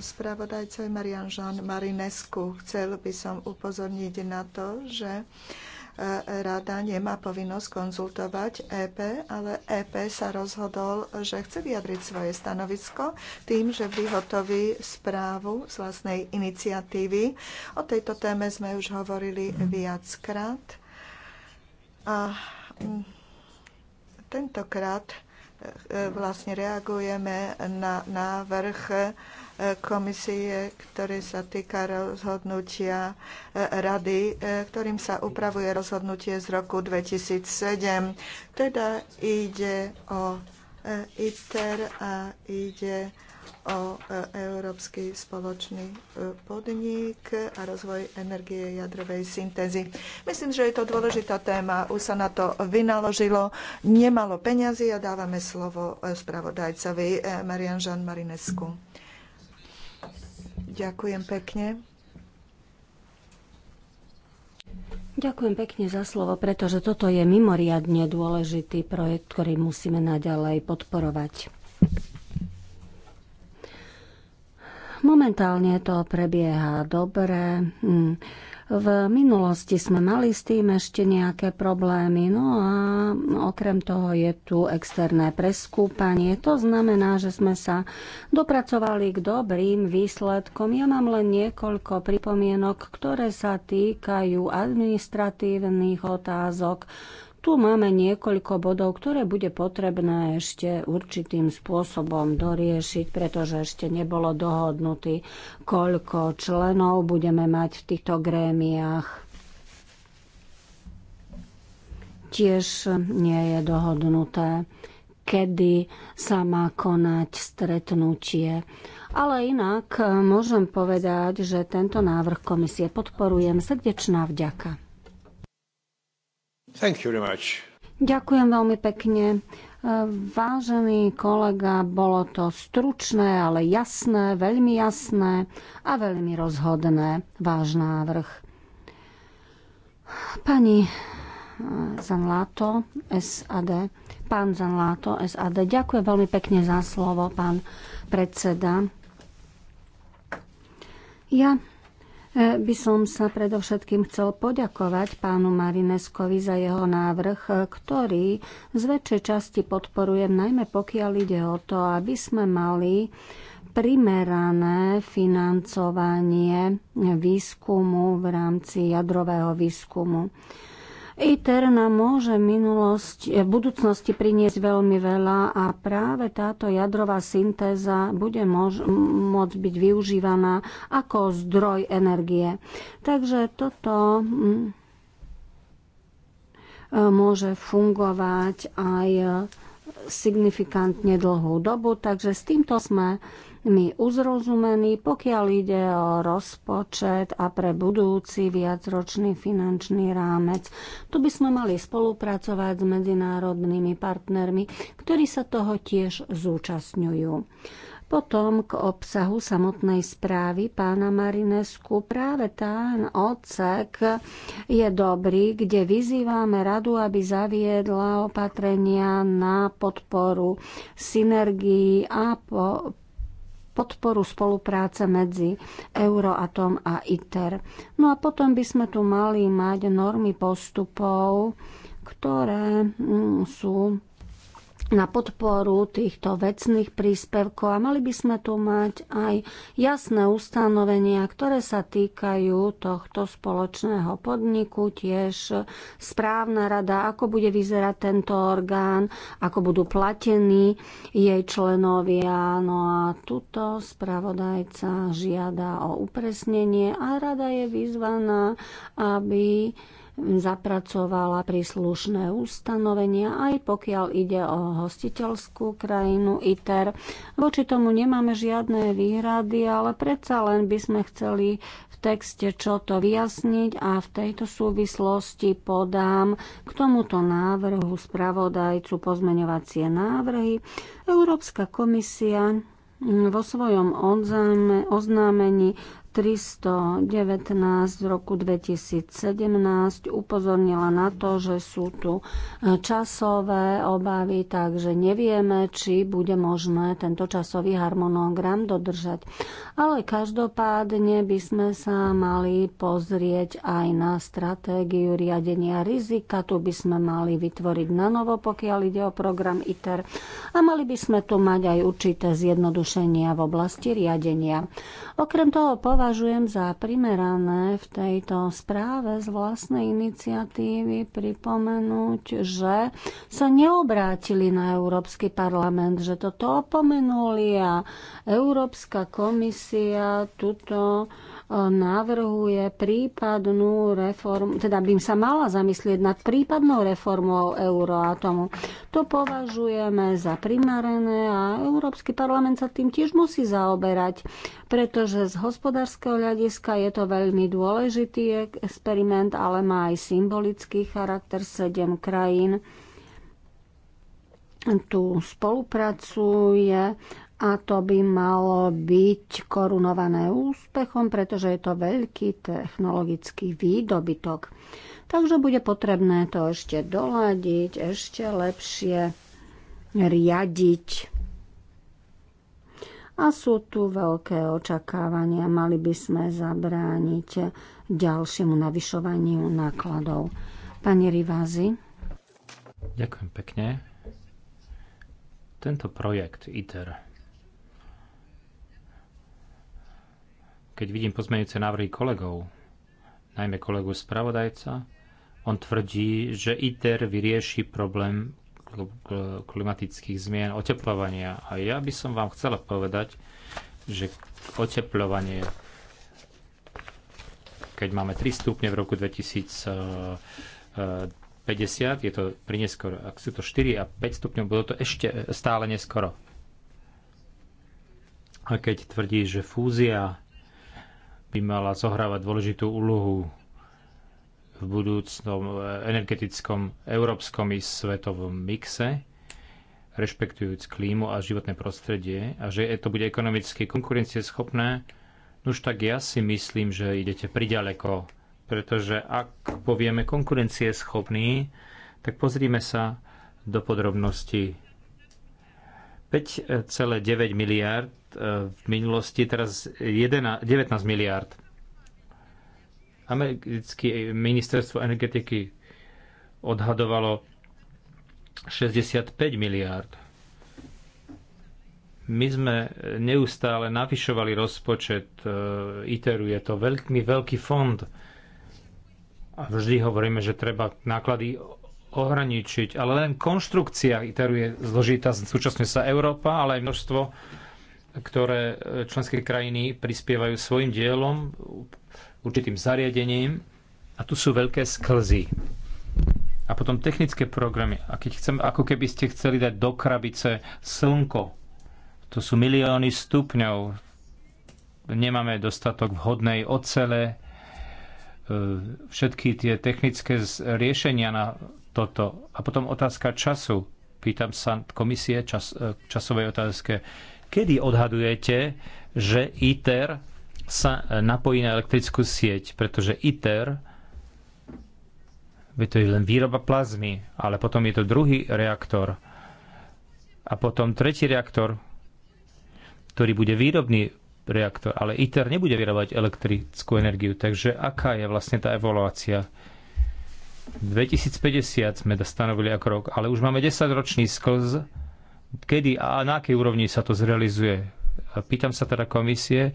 spravodajcovi Marian Jean Marinescu. Chcel by som upozorniť na to, že rada nemá povinnosť konzultovať EP, ale EP sa rozhodol, že chce vyjadriť svoje stanovisko tým, že vyhotoví správu z vlastnej iniciatívy. O tejto téme sme už hovorili viackrát. A mm, tentokrát e, e, vlastne reagujeme na návrh komisie, ktoré sa týka rozhodnutia e, rady, e, ktorým sa upravuje rozhodnutie z roku 2007. Teda ide o e, ITER a ide o Európsky spoločný podnik a rozvoj energie jadrovej syntézy. Myslím, že je to dôležitá téma. Už sa na to vynaložilo nemalo peňazí a dávame slovo spravodajcovi Marian Jean Marinescu. Ďakujem pekne. Ďakujem pekne za slovo, pretože toto je mimoriadne dôležitý projekt, ktorý musíme naďalej podporovať. Momentálne to prebieha dobre. Hm. V minulosti sme mali s tým ešte nejaké problémy, no a okrem toho je tu externé preskúpanie. To znamená, že sme sa dopracovali k dobrým výsledkom. Ja mám len niekoľko pripomienok, ktoré sa týkajú administratívnych otázok, tu máme niekoľko bodov, ktoré bude potrebné ešte určitým spôsobom doriešiť, pretože ešte nebolo dohodnutý, koľko členov budeme mať v týchto grémiách. Tiež nie je dohodnuté, kedy sa má konať stretnutie. Ale inak eh, môžem povedať, že tento návrh komisie podporujem srdečná vďaka. Thank you very much. Ďakujem veľmi pekne. E, vážený kolega, bolo to stručné, ale jasné, veľmi jasné a veľmi rozhodné váš návrh. Pani e, Zanláto, SAD, pán Zanláto, SAD, ďakujem veľmi pekne za slovo, pán predseda. Ja by som sa predovšetkým chcel poďakovať pánu Marineskovi za jeho návrh, ktorý z väčšej časti podporujem, najmä pokiaľ ide o to, aby sme mali primerané financovanie výskumu v rámci jadrového výskumu. ITER nám môže minulosť, eh, v budúcnosti priniesť veľmi veľa a práve táto jadrová syntéza bude môž, môcť byť využívaná ako zdroj energie. Takže toto hm, eh, môže fungovať aj eh, signifikantne dlhú dobu, takže s týmto sme my uzrozumení, pokiaľ ide o rozpočet a pre budúci viacročný finančný rámec. Tu by sme mali spolupracovať s medzinárodnými partnermi, ktorí sa toho tiež zúčastňujú. Potom k obsahu samotnej správy pána Marinesku práve ten odsek je dobrý, kde vyzývame radu, aby zaviedla opatrenia na podporu synergií a po podporu spolupráce medzi Euroatom a ITER. No a potom by sme tu mali mať normy postupov, ktoré mm, sú na podporu týchto vecných príspevkov a mali by sme tu mať aj jasné ustanovenia, ktoré sa týkajú tohto spoločného podniku, tiež správna rada, ako bude vyzerať tento orgán, ako budú platení jej členovia. No a tuto spravodajca žiada o upresnenie a rada je vyzvaná, aby zapracovala príslušné ustanovenia, aj pokiaľ ide o hostiteľskú krajinu ITER. Voči tomu nemáme žiadne výhrady, ale predsa len by sme chceli v texte čo to vyjasniť a v tejto súvislosti podám k tomuto návrhu spravodajcu pozmeňovacie návrhy. Európska komisia vo svojom oznámení 319 v roku 2017 upozornila na to, že sú tu e, časové obavy, takže nevieme, či bude možné tento časový harmonogram dodržať. Ale každopádne by sme sa mali pozrieť aj na stratégiu riadenia rizika. Tu by sme mali vytvoriť na novo, pokiaľ ide o program ITER. A mali by sme tu mať aj určité zjednodušenia v oblasti riadenia. Okrem toho považujem považujem za primerané v tejto správe z vlastnej iniciatívy pripomenúť, že sa neobrátili na Európsky parlament, že toto opomenuli a Európska komisia tuto navrhuje prípadnú reformu, teda by sa mala zamyslieť nad prípadnou reformou euroatomu. To považujeme za primárené a Európsky parlament sa tým tiež musí zaoberať, pretože z hospodárskeho hľadiska je to veľmi dôležitý experiment, ale má aj symbolický charakter sedem krajín tu spolupracuje a to by malo byť korunované úspechom, pretože je to veľký technologický výdobytok. Takže bude potrebné to ešte doladiť, ešte lepšie riadiť. A sú tu veľké očakávania. Mali by sme zabrániť ďalšiemu navyšovaniu nákladov. Pani Rivázy. Ďakujem pekne. Tento projekt ITER keď vidím pozmeňujúce návrhy kolegov, najmä kolegu spravodajca, on tvrdí, že ITER vyrieši problém klimatických zmien, oteplovania. A ja by som vám chcela povedať, že oteplovanie, keď máme 3 stupne v roku 2050, eh, eh, je to prineskoro. Ak sú to 4 a 5 stupňov, budú to ešte eh, stále neskoro. A keď tvrdí, že fúzia by mala zohrávať dôležitú úlohu v budúcnom e, energetickom európskom i svetovom mixe, rešpektujúc klímu a životné prostredie a že to bude ekonomicky konkurencieschopné, no už tak ja si myslím, že idete priďaleko, pretože ak povieme konkurencieschopný, tak pozrime sa do podrobnosti: 5,9 e, miliard v minulosti, teraz 19 miliard. Americké ministerstvo energetiky odhadovalo 65 miliard. My sme neustále navyšovali rozpočet e, ITERu, je to veľmi veľký fond. A vždy hovoríme, že treba náklady ohraničiť, ale len konštrukcia ITERu je zložitá. Súčasne sa Európa, ale aj množstvo ktoré e, členské krajiny prispievajú svojim dielom, určitým zariadením a tu sú veľké sklzy. A potom technické programy. A keď chcem, ako keby ste chceli dať do krabice slnko, to sú milióny stupňov, nemáme dostatok vhodnej ocele, e, všetky tie technické riešenia na toto. A potom otázka času. Pýtam sa komisie čas, e, časovej otázke Kedy odhadujete, že ITER sa napojí na elektrickú sieť? Pretože ITER to je len výroba plazmy, ale potom je to druhý reaktor a potom tretí reaktor, ktorý bude výrobný reaktor, ale ITER nebude vyrábať elektrickú energiu. Takže aká je vlastne tá evoluácia? 2050 sme stanovili ako rok, ale už máme 10-ročný sklz kedy a na akej úrovni sa to zrealizuje. Pýtam sa teda komisie,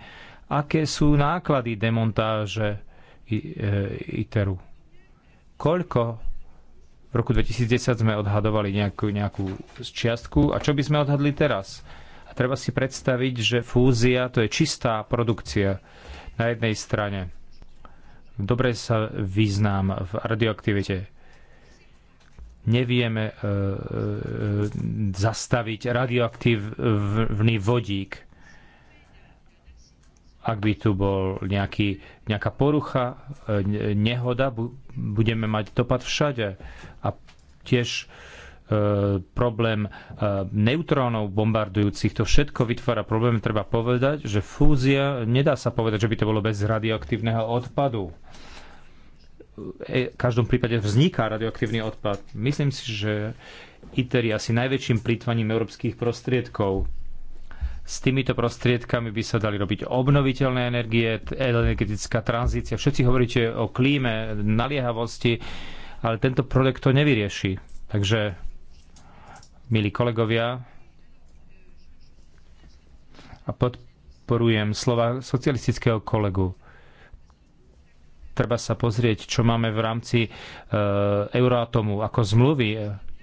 aké sú náklady demontáže ITERu. E, Koľko v roku 2010 sme odhadovali nejakú, nejakú čiastku a čo by sme odhadli teraz? A treba si predstaviť, že fúzia to je čistá produkcia na jednej strane. Dobre sa význam v radioaktivite nevieme e, e, zastaviť radioaktívny vodík. Ak by tu bol nejaký, nejaká porucha, e, nehoda, budeme mať dopad všade. A tiež problém neutrónov bombardujúcich, to všetko vytvára problém. Treba povedať, že fúzia, nedá sa povedať, že by to bolo bez radioaktívneho odpadu. E, v každom prípade vzniká radioaktívny odpad. Myslím si, že ITER je asi najväčším prítvaním európskych prostriedkov. S týmito prostriedkami by sa dali robiť obnoviteľné energie, energetická tranzícia. Všetci hovoríte o klíme, naliehavosti, ale tento projekt to nevyrieši. Takže, milí kolegovia, a podporujem slova socialistického kolegu treba sa pozrieť, čo máme v rámci e, Euroatomu ako zmluvy.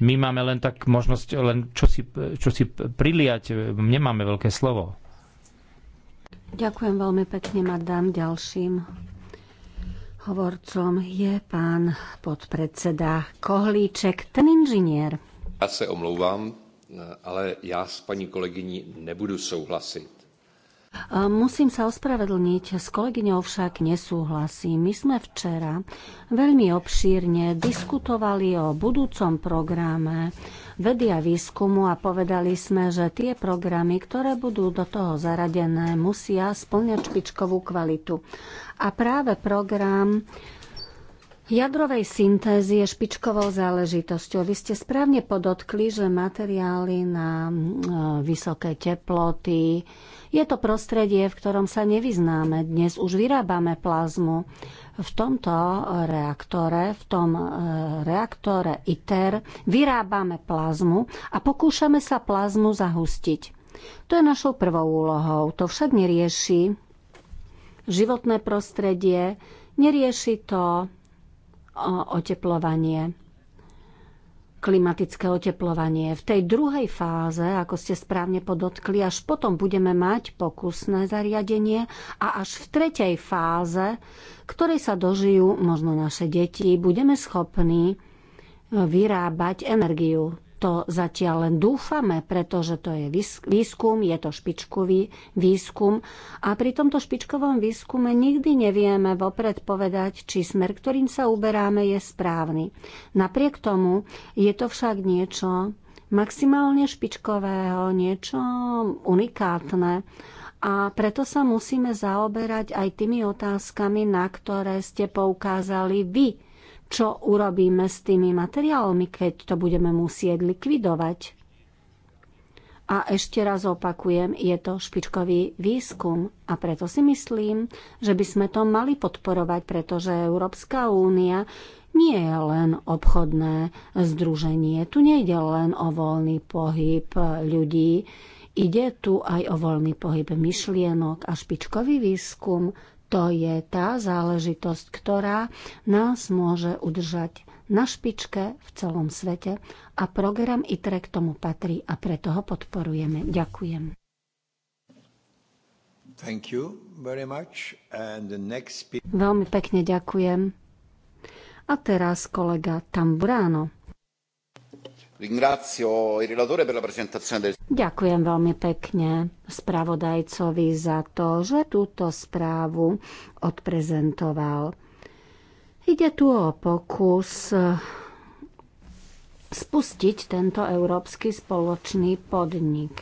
My máme len tak možnosť, len čo si, čo si priliať, nemáme veľké slovo. Ďakujem veľmi pekne, madám. Ďalším hovorcom je pán podpredseda Kohlíček, ten inžinier. Ja sa omlouvám, ale ja s pani kolegyní nebudu souhlasiť. Musím sa ospravedlniť, s kolegyňou však nesúhlasím. My sme včera veľmi obšírne diskutovali o budúcom programe vedy a výskumu a povedali sme, že tie programy, ktoré budú do toho zaradené, musia splňať špičkovú kvalitu. A práve program Jadrovej syntézy je špičkovou záležitosťou. Vy ste správne podotkli, že materiály na e, vysoké teploty, je to prostredie, v ktorom sa nevyznáme. Dnes už vyrábame plazmu. V tomto reaktore, v tom e, reaktore ITER, vyrábame plazmu a pokúšame sa plazmu zahustiť. To je našou prvou úlohou. To však nerieši životné prostredie, nerieši to oteplovanie klimatické oteplovanie. V tej druhej fáze, ako ste správne podotkli, až potom budeme mať pokusné zariadenie a až v tretej fáze, ktorej sa dožijú možno naše deti, budeme schopní vyrábať energiu to zatiaľ len dúfame, pretože to je výskum, je to špičkový výskum a pri tomto špičkovom výskume nikdy nevieme vopred povedať, či smer, ktorým sa uberáme, je správny. Napriek tomu je to však niečo maximálne špičkového, niečo unikátne. A preto sa musíme zaoberať aj tými otázkami, na ktoré ste poukázali vy čo urobíme s tými materiálmi, keď to budeme musieť likvidovať. A ešte raz opakujem, je to špičkový výskum a preto si myslím, že by sme to mali podporovať, pretože Európska únia nie je len obchodné združenie. Tu nejde len o voľný pohyb ľudí, ide tu aj o voľný pohyb myšlienok a špičkový výskum to je tá záležitosť, ktorá nás môže udržať na špičke v celom svete a program ITRE k tomu patrí a preto ho podporujeme. Ďakujem. Thank you very much. And the next... Veľmi pekne ďakujem. A teraz kolega Tamburáno. Ďakujem veľmi pekne spravodajcovi za to, že túto správu odprezentoval. Ide tu o pokus eh, spustiť tento európsky spoločný podnik.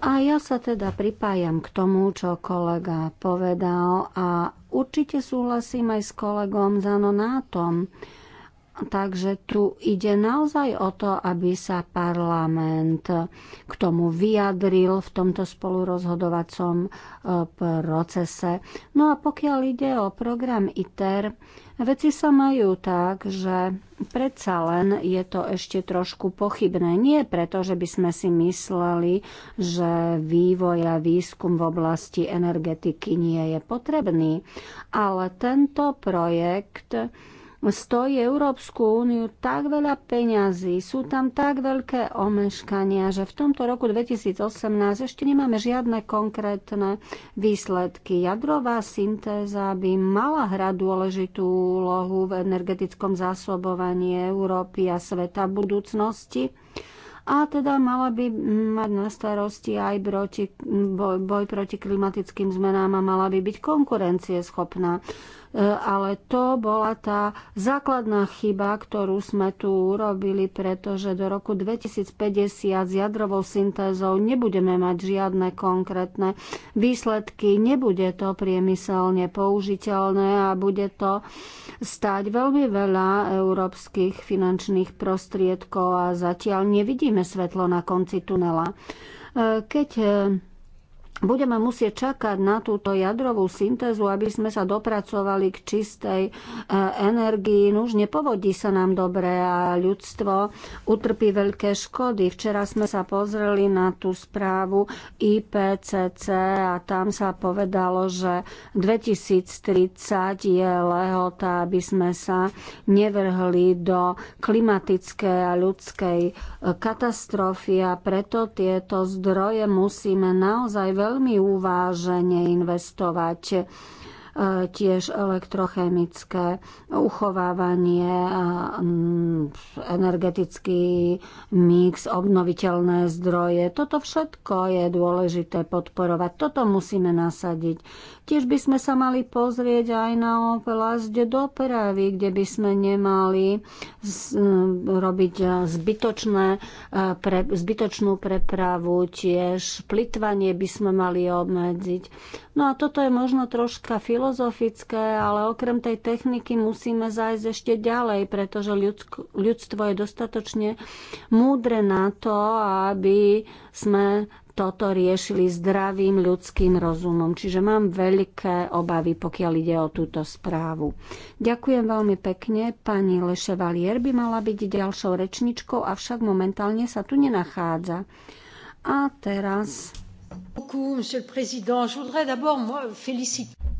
A ja sa teda pripájam k tomu, čo kolega povedal a určite súhlasím aj s kolegom Zanonátom, Takže tu ide naozaj o to, aby sa parlament k tomu vyjadril v tomto spolurozhodovacom e, procese. No a pokiaľ ide o program ITER, veci sa majú tak, že predsa len je to ešte trošku pochybné. Nie preto, že by sme si mysleli, že vývoj a výskum v oblasti energetiky nie je potrebný, ale tento projekt stojí Európsku úniu tak veľa peňazí, sú tam tak veľké omeškania, že v tomto roku 2018 ešte nemáme žiadne konkrétne výsledky. Jadrová syntéza by mala hrať dôležitú úlohu v energetickom zásobovaní Európy a sveta budúcnosti a teda mala by mať na starosti aj proti, boj, boj proti klimatickým zmenám a mala by byť konkurencieschopná. E, ale to bola tá základná chyba, ktorú sme tu urobili, pretože do roku 2050 s jadrovou syntézou nebudeme mať žiadne konkrétne výsledky, nebude to priemyselne použiteľné a bude to stáť veľmi veľa európskych finančných prostriedkov a zatiaľ nevidíme svetlo na konci tunela. E, keď e, budeme musieť čakať na túto jadrovú syntézu, aby sme sa dopracovali k čistej e, energii. No už nepovodí sa nám dobre a ľudstvo utrpí veľké škody. Včera sme sa pozreli na tú správu IPCC a tam sa povedalo, že 2030 je lehota, aby sme sa nevrhli do klimatickej a ľudskej e, katastrofy a preto tieto zdroje musíme naozaj veľmi veľmi uvážene investovať e, tiež elektrochemické uchovávanie, energetický mix, obnoviteľné zdroje. Toto všetko je dôležité podporovať. Toto musíme nasadiť. Tiež by sme sa mali pozrieť aj na oblasť dopravy, kde by sme nemali z, e, robiť zbytočné, e, pre, zbytočnú prepravu, tiež plitvanie by sme mali obmedziť. No a toto je možno troška filozofické, ale okrem tej techniky musíme zájsť ešte ďalej, pretože ľudsk- ľudstvo je dostatočne múdre na to, aby sme toto riešili zdravým ľudským rozumom. Čiže mám veľké obavy, pokiaľ ide o túto správu. Ďakujem veľmi pekne. Pani Leševalier by mala byť ďalšou rečničkou, avšak momentálne sa tu nenachádza. A teraz...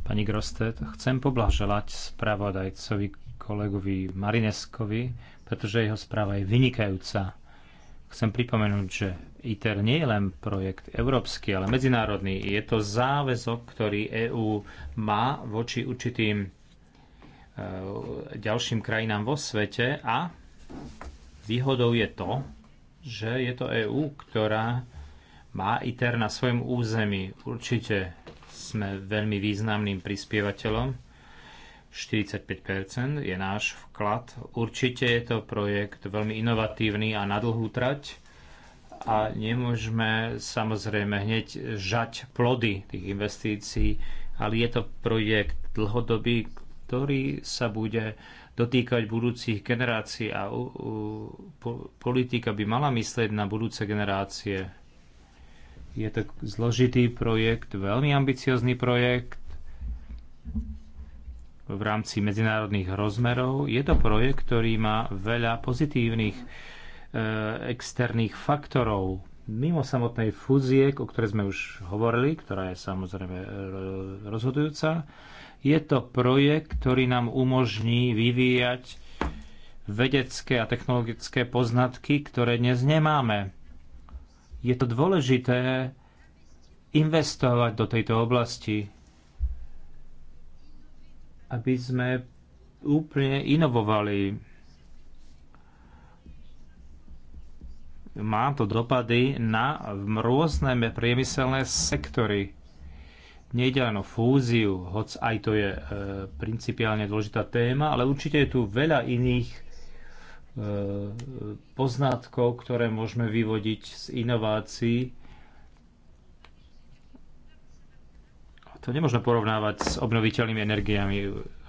Pani Grostet, chcem poblaželať spravodajcovi kolegovi Marineskovi, pretože jeho správa je vynikajúca. Chcem pripomenúť, že ITER nie je len projekt európsky, ale medzinárodný. Je to záväzok, ktorý EÚ má voči určitým eh, ďalším krajinám vo svete a výhodou je to, že je to EÚ, ktorá má ITER na svojom území. Určite sme veľmi významným prispievateľom. 45% je náš vklad. Určite je to projekt veľmi inovatívny a na dlhú trať a nemôžeme samozrejme hneď žať plody tých investícií, ale je to projekt dlhodobý, ktorý sa bude dotýkať budúcich generácií a u, u, po, politika by mala myslieť na budúce generácie. Je to zložitý projekt, veľmi ambiciozný projekt v rámci medzinárodných rozmerov. Je to projekt, ktorý má veľa pozitívnych Eh, externých faktorov mimo samotnej fúzie, o ktorej sme už hovorili, ktorá je samozrejme eh, rozhodujúca. Je to projekt, ktorý nám umožní vyvíjať vedecké a technologické poznatky, ktoré dnes nemáme. Je to dôležité investovať do tejto oblasti, aby sme úplne inovovali Má to dopady na rôzne priemyselné sektory. Nejde len o fúziu, hoc aj to je e, principiálne dôležitá téma, ale určite je tu veľa iných e, poznatkov, ktoré môžeme vyvodiť z inovácií. To nemôžeme porovnávať s obnoviteľnými energiami.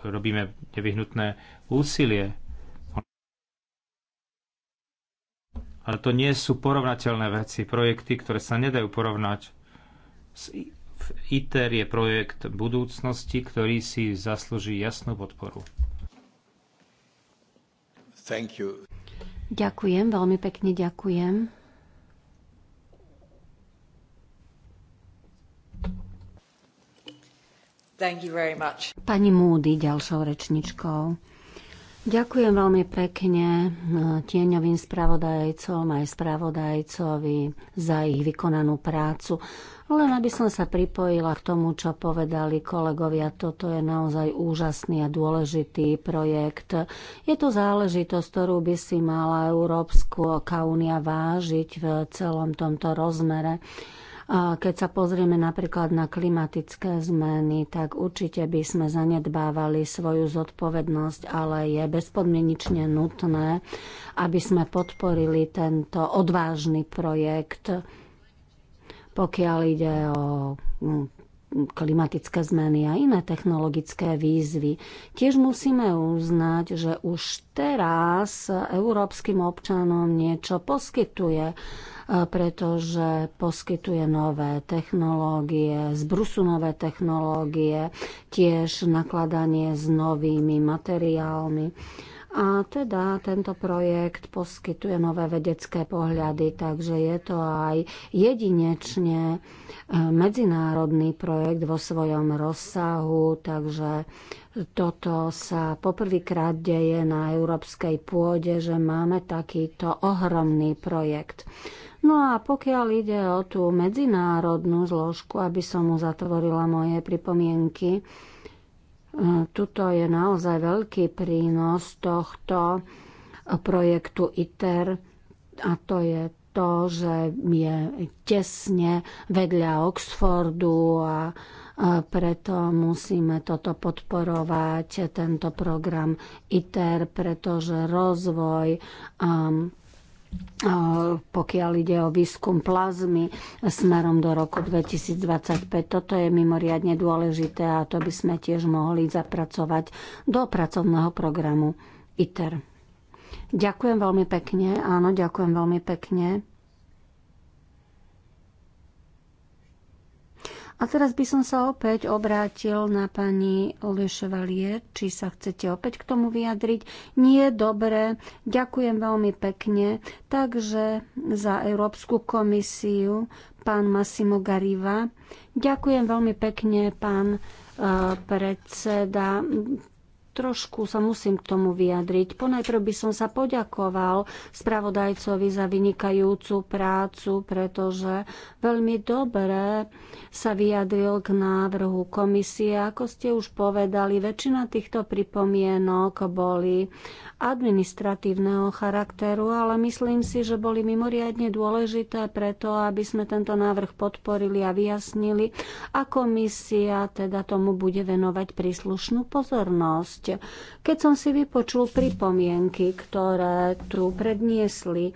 Robíme nevyhnutné úsilie Ale to nie sú porovnateľné veci, projekty, ktoré sa nedajú porovnať. ITER je projekt budúcnosti, ktorý si zaslúži jasnú podporu. Thank you. Ďakujem, veľmi pekne ďakujem. Thank you very much. Pani Moody, ďalšou rečničkou. Ďakujem veľmi pekne e, tieňovým spravodajcom aj spravodajcovi za ich vykonanú prácu. Len aby som sa pripojila k tomu, čo povedali kolegovia, toto je naozaj úžasný a dôležitý projekt. Je to záležitosť, ktorú by si mala Európska kaunia vážiť v celom tomto rozmere. Keď sa pozrieme napríklad na klimatické zmeny, tak určite by sme zanedbávali svoju zodpovednosť, ale je bezpodmienečne nutné, aby sme podporili tento odvážny projekt, pokiaľ ide o no, klimatické zmeny a iné technologické výzvy. Tiež musíme uznať, že už teraz európskym občanom niečo poskytuje pretože poskytuje nové technológie, zbrusu nové technológie, tiež nakladanie s novými materiálmi. A teda tento projekt poskytuje nové vedecké pohľady, takže je to aj jedinečne e, medzinárodný projekt vo svojom rozsahu, takže toto sa poprvýkrát deje na európskej pôde, že máme takýto ohromný projekt. No a pokiaľ ide o tú medzinárodnú zložku, aby som mu zatvorila moje pripomienky, e, tuto je naozaj veľký prínos tohto projektu ITER a to je to, že je tesne vedľa Oxfordu a preto musíme toto podporovať, tento program ITER, pretože rozvoj pokiaľ ide o výskum plazmy smerom do roku 2025. Toto je mimoriadne dôležité a to by sme tiež mohli zapracovať do pracovného programu ITER. Ďakujem veľmi pekne, áno, ďakujem veľmi pekne. A teraz by som sa opäť obrátil na pani Oleševalier, či sa chcete opäť k tomu vyjadriť. Nie, dobre, ďakujem veľmi pekne. Takže za Európsku komisiu pán Massimo Gariva. Ďakujem veľmi pekne, pán eh, predseda trošku sa musím k tomu vyjadriť. Ponajprv by som sa poďakoval spravodajcovi za vynikajúcu prácu, pretože veľmi dobre sa vyjadril k návrhu komisie. Ako ste už povedali, väčšina týchto pripomienok boli administratívneho charakteru, ale myslím si, že boli mimoriadne dôležité preto, aby sme tento návrh podporili a vyjasnili a komisia teda tomu bude venovať príslušnú pozornosť. Keď som si vypočul pripomienky, ktoré tu predniesli eh,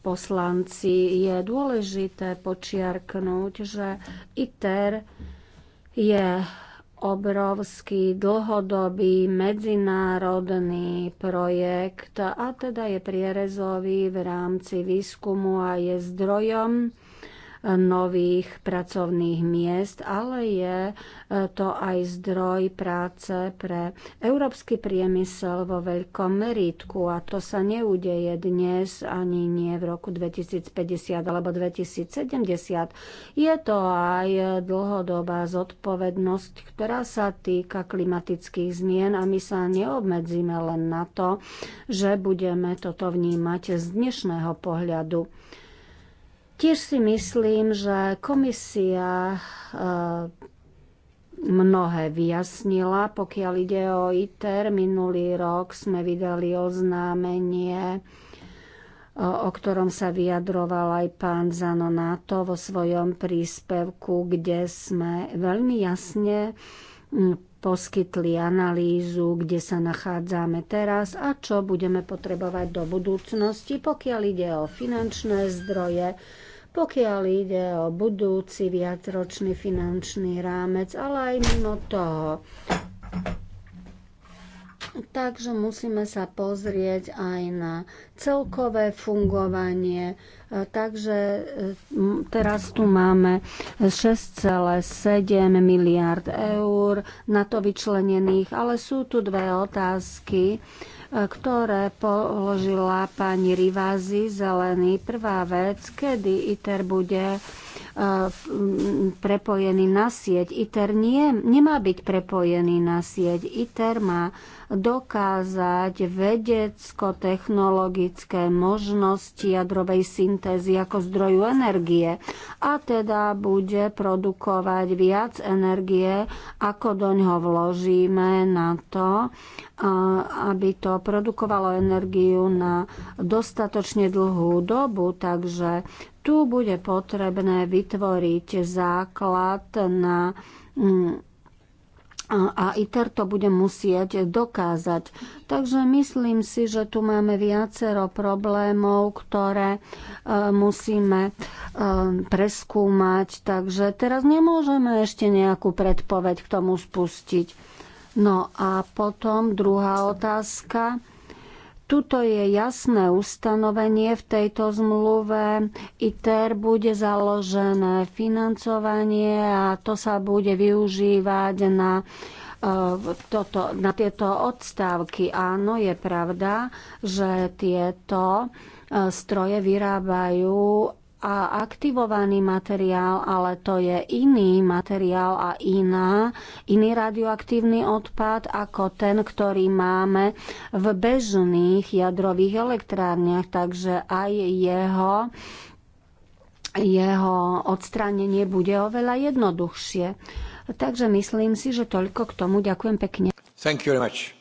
poslanci, je dôležité počiarknúť, že ITER je obrovský dlhodobý medzinárodný projekt a teda je prierezový v rámci výskumu a je zdrojom nových pracovných miest, ale je e, to aj zdroj práce pre európsky priemysel vo veľkom meritku a to sa neudeje dnes ani nie v roku 2050 alebo 2070. Je to aj dlhodobá zodpovednosť, ktorá sa týka klimatických zmien a my sa neobmedzíme len na to, že budeme toto vnímať z dnešného pohľadu. Tiež si myslím, že komisia eh, mnohé vyjasnila. Pokiaľ ide o ITER, minulý rok sme vydali oznámenie, eh, o ktorom sa vyjadroval aj pán Zanonáto vo svojom príspevku, kde sme veľmi jasne hm, poskytli analýzu, kde sa nachádzame teraz a čo budeme potrebovať do budúcnosti, pokiaľ ide o finančné zdroje, pokiaľ ide o budúci viacročný finančný rámec, ale aj mimo toho. Takže musíme sa pozrieť aj na celkové fungovanie. E, takže e, teraz tu máme 6,7 miliard eur na to vyčlenených, ale sú tu dve otázky ktoré položila pani Rivázi Zelený. Prvá vec, kedy ITER bude prepojený na sieť. ITER nie, nemá byť prepojený na sieť. ITER má dokázať vedecko-technologické možnosti jadrovej syntézy ako zdroju energie a teda bude produkovať viac energie, ako do ňoho vložíme na to, aby to produkovalo energiu na dostatočne dlhú dobu, takže tu bude potrebné vytvoriť základ na mm, a ITER to bude musieť dokázať. Takže myslím si, že tu máme viacero problémov, ktoré e, musíme e, preskúmať, takže teraz nemôžeme ešte nejakú predpoveď k tomu spustiť. No a potom druhá otázka Tuto je jasné ustanovenie v tejto zmluve. ITER bude založené financovanie a to sa bude využívať na eh, toto, na tieto odstávky. Áno, je pravda, že tieto eh, stroje vyrábajú a aktivovaný materiál, ale to je iný materiál a iná, iný radioaktívny odpad ako ten, ktorý máme v bežných jadrových elektrárniach, takže aj jeho jeho odstránenie bude oveľa jednoduchšie. Takže myslím si, že toľko k tomu. Ďakujem pekne. Thank you very much.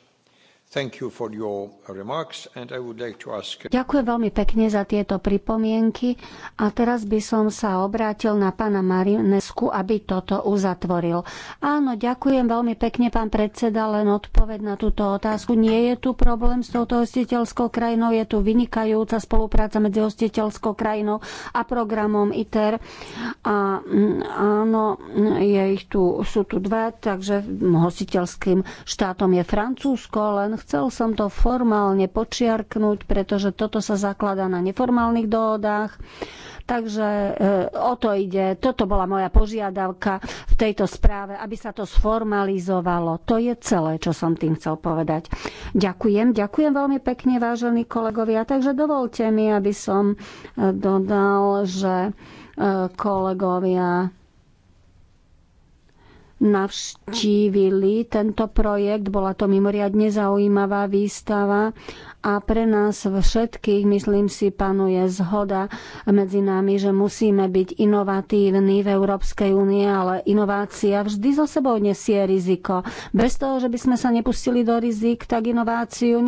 Ďakujem veľmi pekne za tieto pripomienky a teraz by som sa obrátil na pána Marinesku, aby toto uzatvoril. Áno, ďakujem veľmi pekne, pán predseda, len odpoved na túto otázku. Nie je tu problém s touto hostiteľskou krajinou, je tu vynikajúca spolupráca medzi hostiteľskou krajinou a programom ITER. A mm, áno, je ich tu, sú tu dve, takže hostiteľským štátom je Francúzsko, len Chcel som to formálne počiarknúť, pretože toto sa zakladá na neformálnych dohodách. Takže e, o to ide. Toto bola moja požiadavka v tejto správe, aby sa to sformalizovalo. To je celé, čo som tým chcel povedať. Ďakujem, ďakujem veľmi pekne, vážení kolegovia. Takže dovolte mi, aby som e, dodal, že e, kolegovia navštívili tento projekt. Bola to mimoriadne zaujímavá výstava a pre nás všetkých, myslím si, panuje zhoda medzi nami, že musíme byť inovatívni v Európskej únie, ale inovácia vždy zo sebou nesie riziko. Bez toho, že by sme sa nepustili do rizik, tak inováciu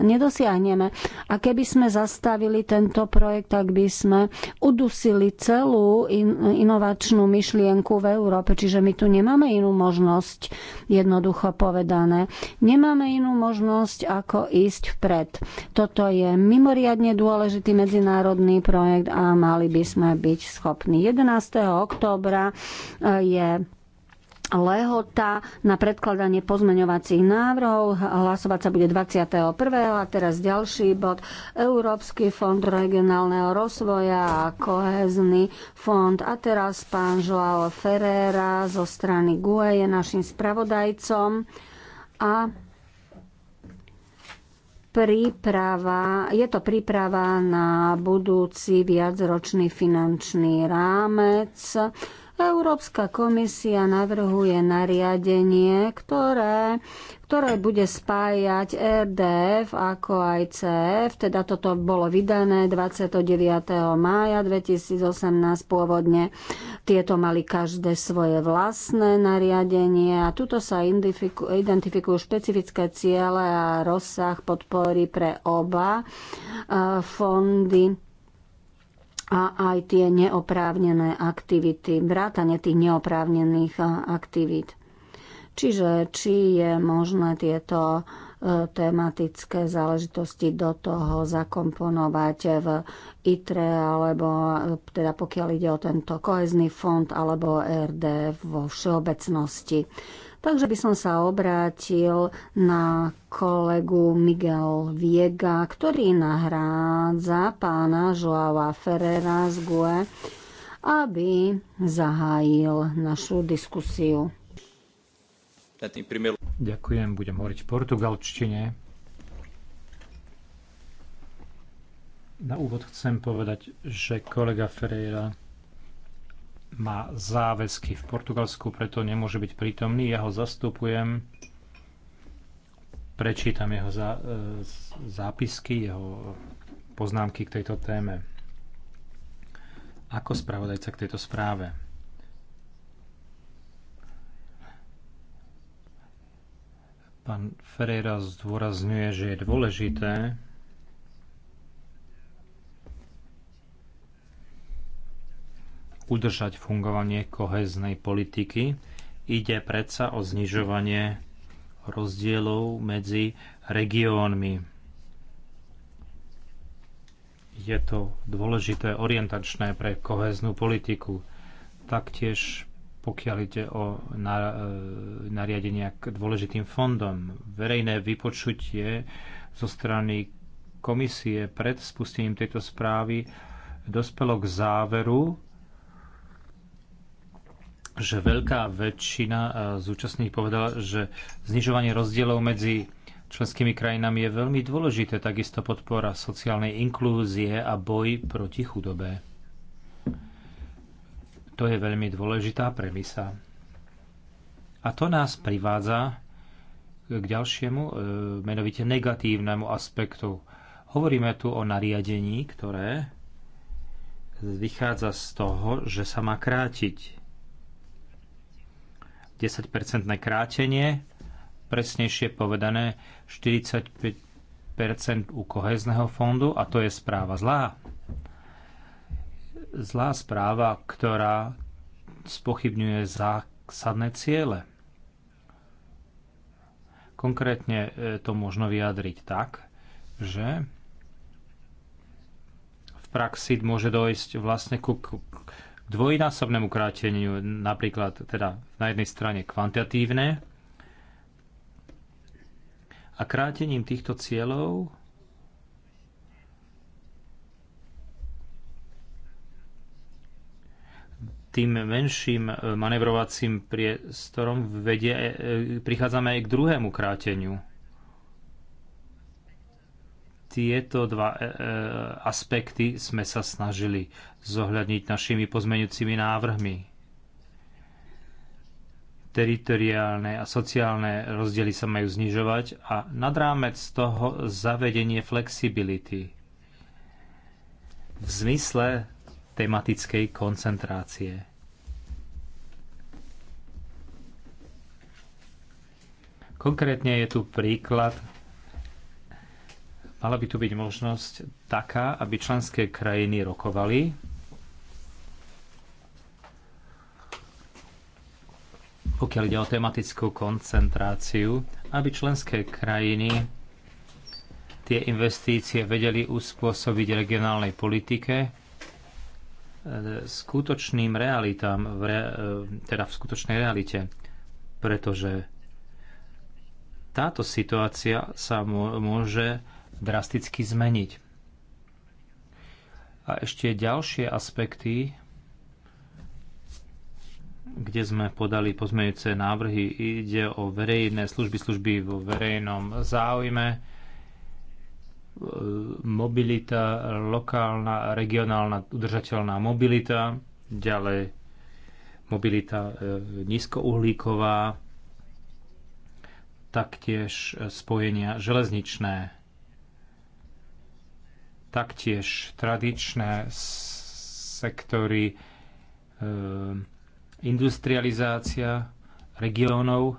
nedosiahneme. A keby sme zastavili tento projekt, tak by sme udusili celú in- inovačnú myšlienku v Európe. Čiže my tu nemáme inú možnosť, jednoducho povedané. Nemáme inú možnosť, ako ísť vpred. Toto je mimoriadne dôležitý medzinárodný projekt a mali by sme byť schopní. 11. októbra eh, je lehota na predkladanie pozmeňovacích návrhov. Hlasovať sa bude 21. a teraz ďalší bod. Európsky fond regionálneho rozvoja a kohezný fond. A teraz pán Joao Ferreira zo strany GUE je našim spravodajcom. A príprava, je to príprava na budúci viacročný finančný rámec Európska komisia navrhuje nariadenie, ktoré, ktoré bude spájať RDF ako aj CF. Teda toto bolo vydané 29. mája 2018 pôvodne. Tieto mali každé svoje vlastné nariadenie a tuto sa identifikujú špecifické ciele a rozsah podpory pre oba eh, fondy a aj tie neoprávnené aktivity, vrátane tých neoprávnených aktivít. Čiže či je možné tieto e, tematické záležitosti do toho zakomponovať v ITRE, alebo e, teda pokiaľ ide o tento kohezný fond, alebo e RD vo všeobecnosti. Takže by som sa obrátil na kolegu Miguel Viega, ktorý nahrádza pána Joava Ferrera z GUE, aby zahájil našu diskusiu. Ďakujem, budem hovoriť v portugalčtine. Na úvod chcem povedať, že kolega Ferreira má záväzky v Portugalsku, preto nemôže byť prítomný. Ja ho zastupujem, prečítam jeho zá, e, zápisky, jeho poznámky k tejto téme. Ako spravodajca k tejto správe? Pán Ferreira zdôrazňuje, že je dôležité, udržať fungovanie koheznej politiky. Ide predsa o znižovanie rozdielov medzi regiónmi. Je to dôležité orientačné pre koheznú politiku. Taktiež pokiaľ ide o e, nariadenia k dôležitým fondom. Verejné vypočutie zo strany komisie pred spustením tejto správy dospelo k záveru, že veľká väčšina eh, zúčastných povedala, že znižovanie rozdielov medzi členskými krajinami je veľmi dôležité, takisto podpora sociálnej inklúzie a boj proti chudobe. To je veľmi dôležitá premisa. A to nás privádza k ďalšiemu, eh, menovite negatívnemu aspektu. Hovoríme tu o nariadení, ktoré vychádza z toho, že sa má krátiť 10 krátenie, presnejšie povedané 45% u kohezného fondu a to je správa zlá. Zlá správa, ktorá spochybňuje zásadné ciele. Konkrétne e, to možno vyjadriť tak, že v praxi môže dojsť vlastne ku, k dvojnásobnému kráteniu, napríklad teda na jednej strane kvantitatívne a krátením týchto cieľov tým menším e, manevrovacím priestorom vedie, e, e, prichádzame aj k druhému kráteniu. Tieto dva aspekty sme sa snažili zohľadniť našimi pozmeňujúcimi návrhmi teritoriálne a sociálne rozdiely sa majú znižovať a nad rámec toho zavedenie flexibility v zmysle tematickej koncentrácie. Konkrétne je tu príklad, mala by tu byť možnosť taká, aby členské krajiny rokovali pokiaľ ide o tematickú koncentráciu, aby členské krajiny tie investície vedeli uspôsobiť regionálnej politike e, skutočným realitám, v re, e, teda v skutočnej realite, pretože táto situácia sa môže drasticky zmeniť. A ešte ďalšie aspekty kde sme podali pozmeňujúce návrhy. Ide o verejné služby, služby vo verejnom záujme, mobilita, lokálna, regionálna, udržateľná mobilita, ďalej mobilita e, nízkouhlíková, taktiež spojenia železničné, taktiež tradičné sektory, e, industrializácia regiónov,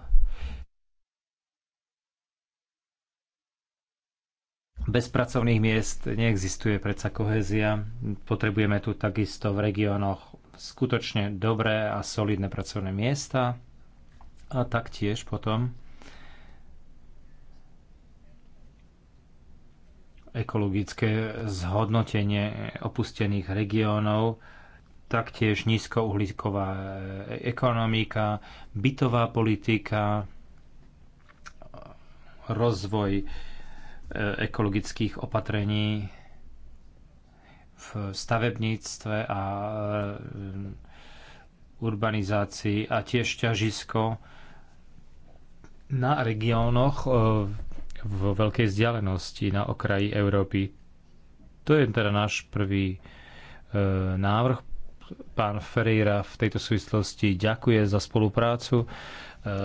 bez pracovných miest neexistuje predsa kohézia. Potrebujeme tu takisto v regiónoch skutočne dobré a solidné pracovné miesta a taktiež potom ekologické zhodnotenie opustených regiónov, taktiež nízkouhlíková ekonomika, bytová politika, rozvoj e, ekologických opatrení v stavebníctve a e, urbanizácii a tiež ťažisko na regiónoch e, v veľkej vzdialenosti na okraji Európy. To je teda náš prvý návrh Pán Ferreira v tejto súvislosti ďakuje za spoluprácu e,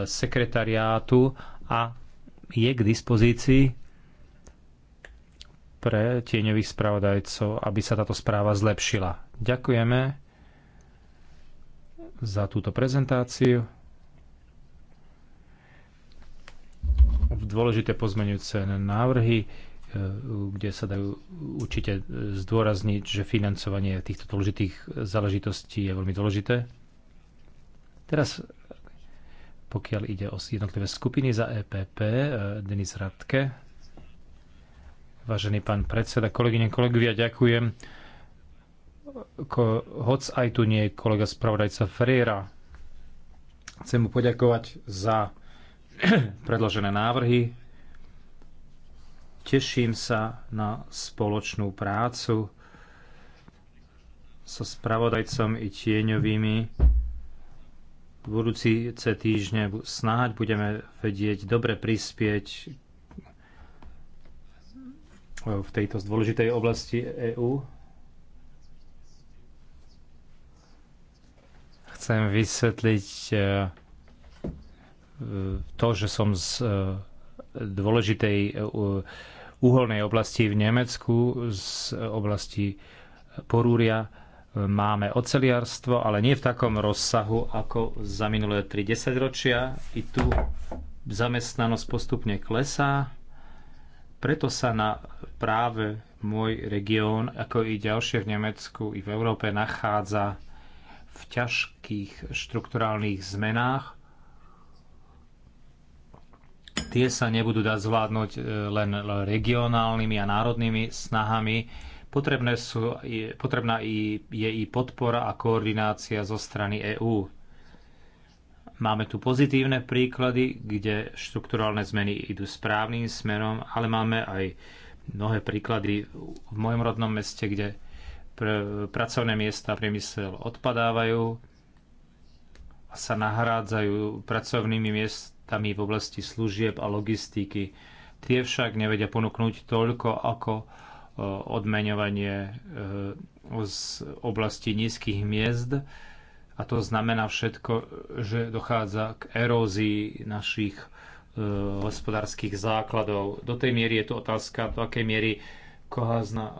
sekretariátu a je k dispozícii pre tieňových spravodajcov, aby sa táto správa zlepšila. Ďakujeme za túto prezentáciu. Dôležité pozmeňujúce návrhy Eh, kde sa dajú určite eh, zdôrazniť, že financovanie týchto dôležitých záležitostí je veľmi dôležité. Teraz, pokiaľ ide o jednotlivé skupiny za EPP, eh, Denis Radke. Vážený pán predseda, kolegyne, kolegovia, ďakujem. Ko, hoc aj tu nie je kolega spravodajca Ferreira. Chcem mu poďakovať za predložené návrhy, Teším sa na spoločnú prácu so spravodajcom i tieňovými. V budúci týždne snáď budeme vedieť dobre prispieť e, v tejto dôležitej oblasti EÚ. Chcem vysvetliť e, to, že som z e, dôležitej uholnej oblasti v Nemecku, z oblasti Porúria. Máme oceliarstvo, ale nie v takom rozsahu ako za minulé 30 ročia. I tu zamestnanosť postupne klesá. Preto sa na práve môj región, ako i ďalšie v Nemecku, i v Európe nachádza v ťažkých štrukturálnych zmenách Tie sa nebudú dať zvládnuť e, len regionálnymi a národnými snahami. Potrebné sú, je, potrebná i, je i podpora a koordinácia zo strany EÚ. Máme tu pozitívne príklady, kde štrukturálne zmeny idú správnym smerom, ale máme aj mnohé príklady v mojom rodnom meste, kde pr- pracovné miesta priemysel odpadávajú a sa nahrádzajú pracovnými miest, prioritami v oblasti služieb a logistiky. Tie však nevedia ponúknuť toľko ako e, odmeňovanie e, z oblasti nízkych miest. A to znamená všetko, že dochádza k erózii našich e, hospodárskych základov. Do tej miery je to otázka, do akej miery koházna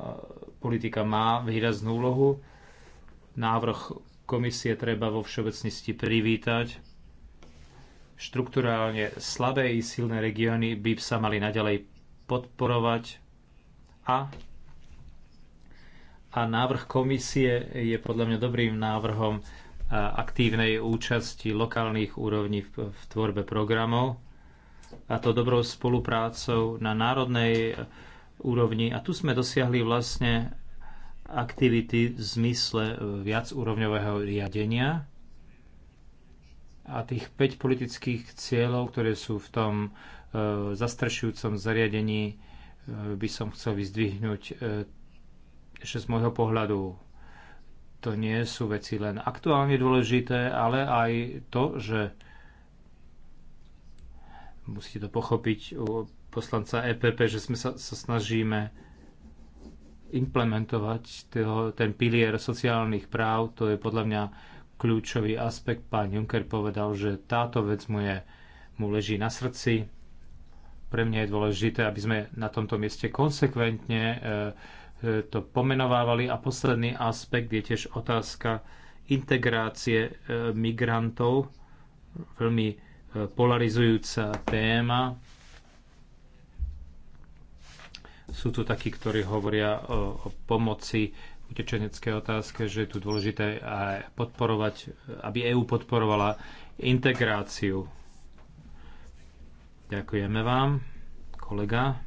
politika má výraznú úlohu. Návrh komisie treba vo všeobecnosti privítať. Štrukturálne slabé i silné regióny by sa mali naďalej podporovať a a návrh komisie je podľa mňa dobrým návrhom aktívnej účasti lokálnych úrovní v, v tvorbe programov a to dobrou spoluprácou na národnej e, úrovni. A tu sme dosiahli vlastne aktivity v zmysle e, viacúrovňového riadenia a tých 5 politických cieľov, ktoré sú v tom e, zastrešujúcom zariadení, e, by som chcel vyzdvihnúť ešte z môjho pohľadu. To nie sú veci len aktuálne dôležité, ale aj to, že musíte to pochopiť u poslanca EPP, že sme sa, sa snažíme implementovať toho, ten pilier sociálnych práv. To je podľa mňa kľúčový aspekt. Pán Juncker povedal, že táto vec mu, je, mu leží na srdci. Pre mňa je dôležité, aby sme na tomto mieste konsekventne e, e, to pomenovávali. A posledný aspekt je tiež otázka integrácie e, migrantov. Veľmi polarizujúca téma. Sú tu takí, ktorí hovoria o, o pomoci utečeneckej otázke, že je tu dôležité aj podporovať, aby EÚ podporovala integráciu. Ďakujeme vám, kolega,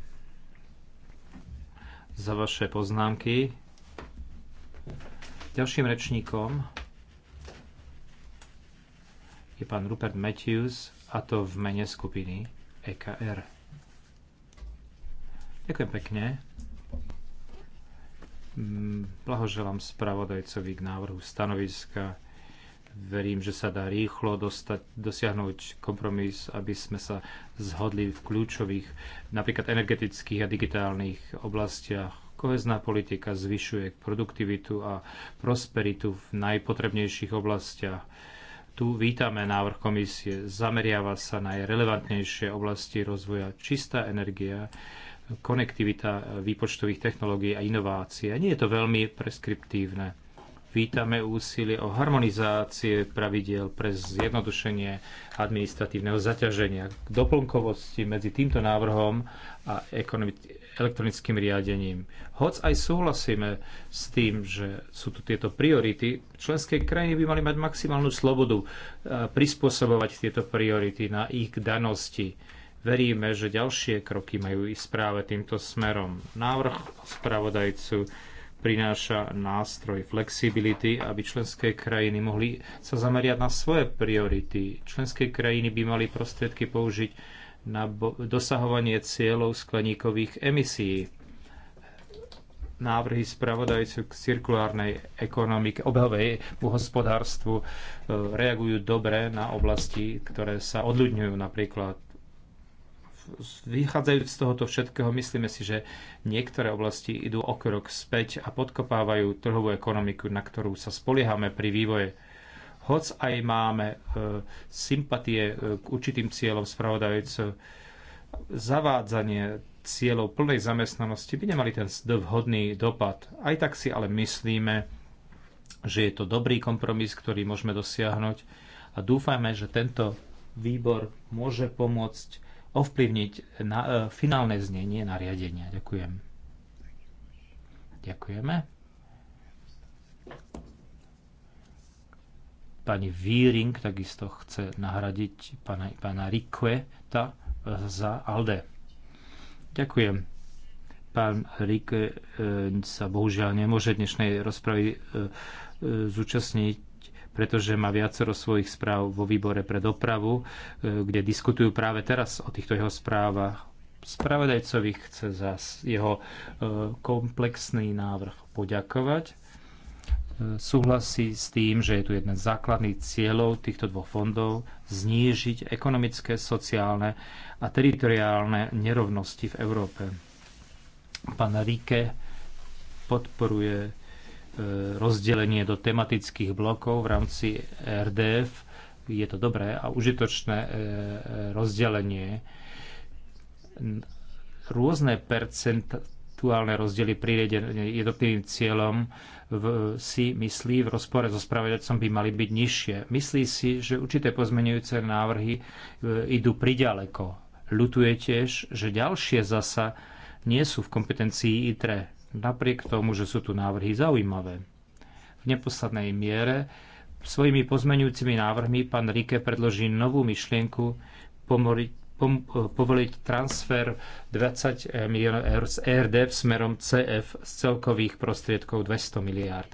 za vaše poznámky. Ďalším rečníkom je pán Rupert Matthews a to v mene skupiny EKR. Ďakujem pekne. Mm, blahoželám spravodajcovi k návrhu stanoviska. Verím, že sa dá rýchlo dostať, dosiahnuť kompromis, aby sme sa zhodli v kľúčových, napríklad energetických a digitálnych oblastiach. Kohezná politika zvyšuje produktivitu a prosperitu v najpotrebnejších oblastiach. Tu vítame návrh komisie. Zameriava sa na relevantnejšie oblasti rozvoja čistá energia, konektivita výpočtových technológií a inovácií. A nie je to veľmi preskriptívne. Vítame úsilie o harmonizácie pravidiel pre zjednodušenie administratívneho zaťaženia k doplnkovosti medzi týmto návrhom a elektronickým riadením. Hoc aj súhlasíme s tým, že sú tu tieto priority, členské krajiny by mali mať maximálnu slobodu eh, prispôsobovať tieto priority na ich danosti Veríme, že ďalšie kroky majú ísť práve týmto smerom. Návrh spravodajcu prináša nástroj flexibility, aby členské krajiny mohli sa zameriať na svoje priority. Členské krajiny by mali prostriedky použiť na dosahovanie cieľov skleníkových emisí. Návrhy spravodajcu k cirkulárnej ekonomike, obehovej hospodárstvu e, reagujú dobre na oblasti, ktoré sa odľudňujú napríklad vychádzajúc z tohoto všetkého, myslíme si, že niektoré oblasti idú o krok späť a podkopávajú trhovú ekonomiku, na ktorú sa spoliehame pri vývoje. Hoc aj máme e, sympatie e, k určitým cieľom spravodajúcov, zavádzanie cieľov plnej zamestnanosti by nemali ten vhodný dopad. Aj tak si ale myslíme, že je to dobrý kompromis, ktorý môžeme dosiahnuť a dúfame, že tento výbor môže pomôcť ovplyvniť na, e, finálne znenie nariadenia. Ďakujem. Ďakujeme. Pani Víring takisto chce nahradiť pana, pana Rikueta za Alde. Ďakujem. Pán Rike e, sa bohužiaľ nemôže dnešnej rozpravy e, e zúčastniť pretože má viacero svojich správ vo výbore pre dopravu, e, kde diskutujú práve teraz o týchto jeho správach. Spravodajcovi chce za jeho e, komplexný návrh poďakovať. E, súhlasí s tým, že je tu jeden z základných cieľov týchto dvoch fondov znížiť ekonomické, sociálne a teritoriálne nerovnosti v Európe. Pán Ríke podporuje rozdelenie do tematických blokov v rámci RDF. Je to dobré a užitočné e, e, rozdelenie. Rôzne percentuálne rozdiely priradené jednotlivým cieľom v, si myslí v rozpore so spravedlcom by mali byť nižšie. Myslí si, že určité pozmenujúce návrhy e, idú priďaleko. Ľutuje tiež, že ďalšie zasa nie sú v kompetencii ITRE napriek tomu, že sú tu návrhy zaujímavé. V neposlednej miere svojimi pozmeňujúcimi návrhmi pán Rike predloží novú myšlienku pomoriť povoliť transfer 20 miliónov eur z e v smerom CF z celkových prostriedkov 200 miliárd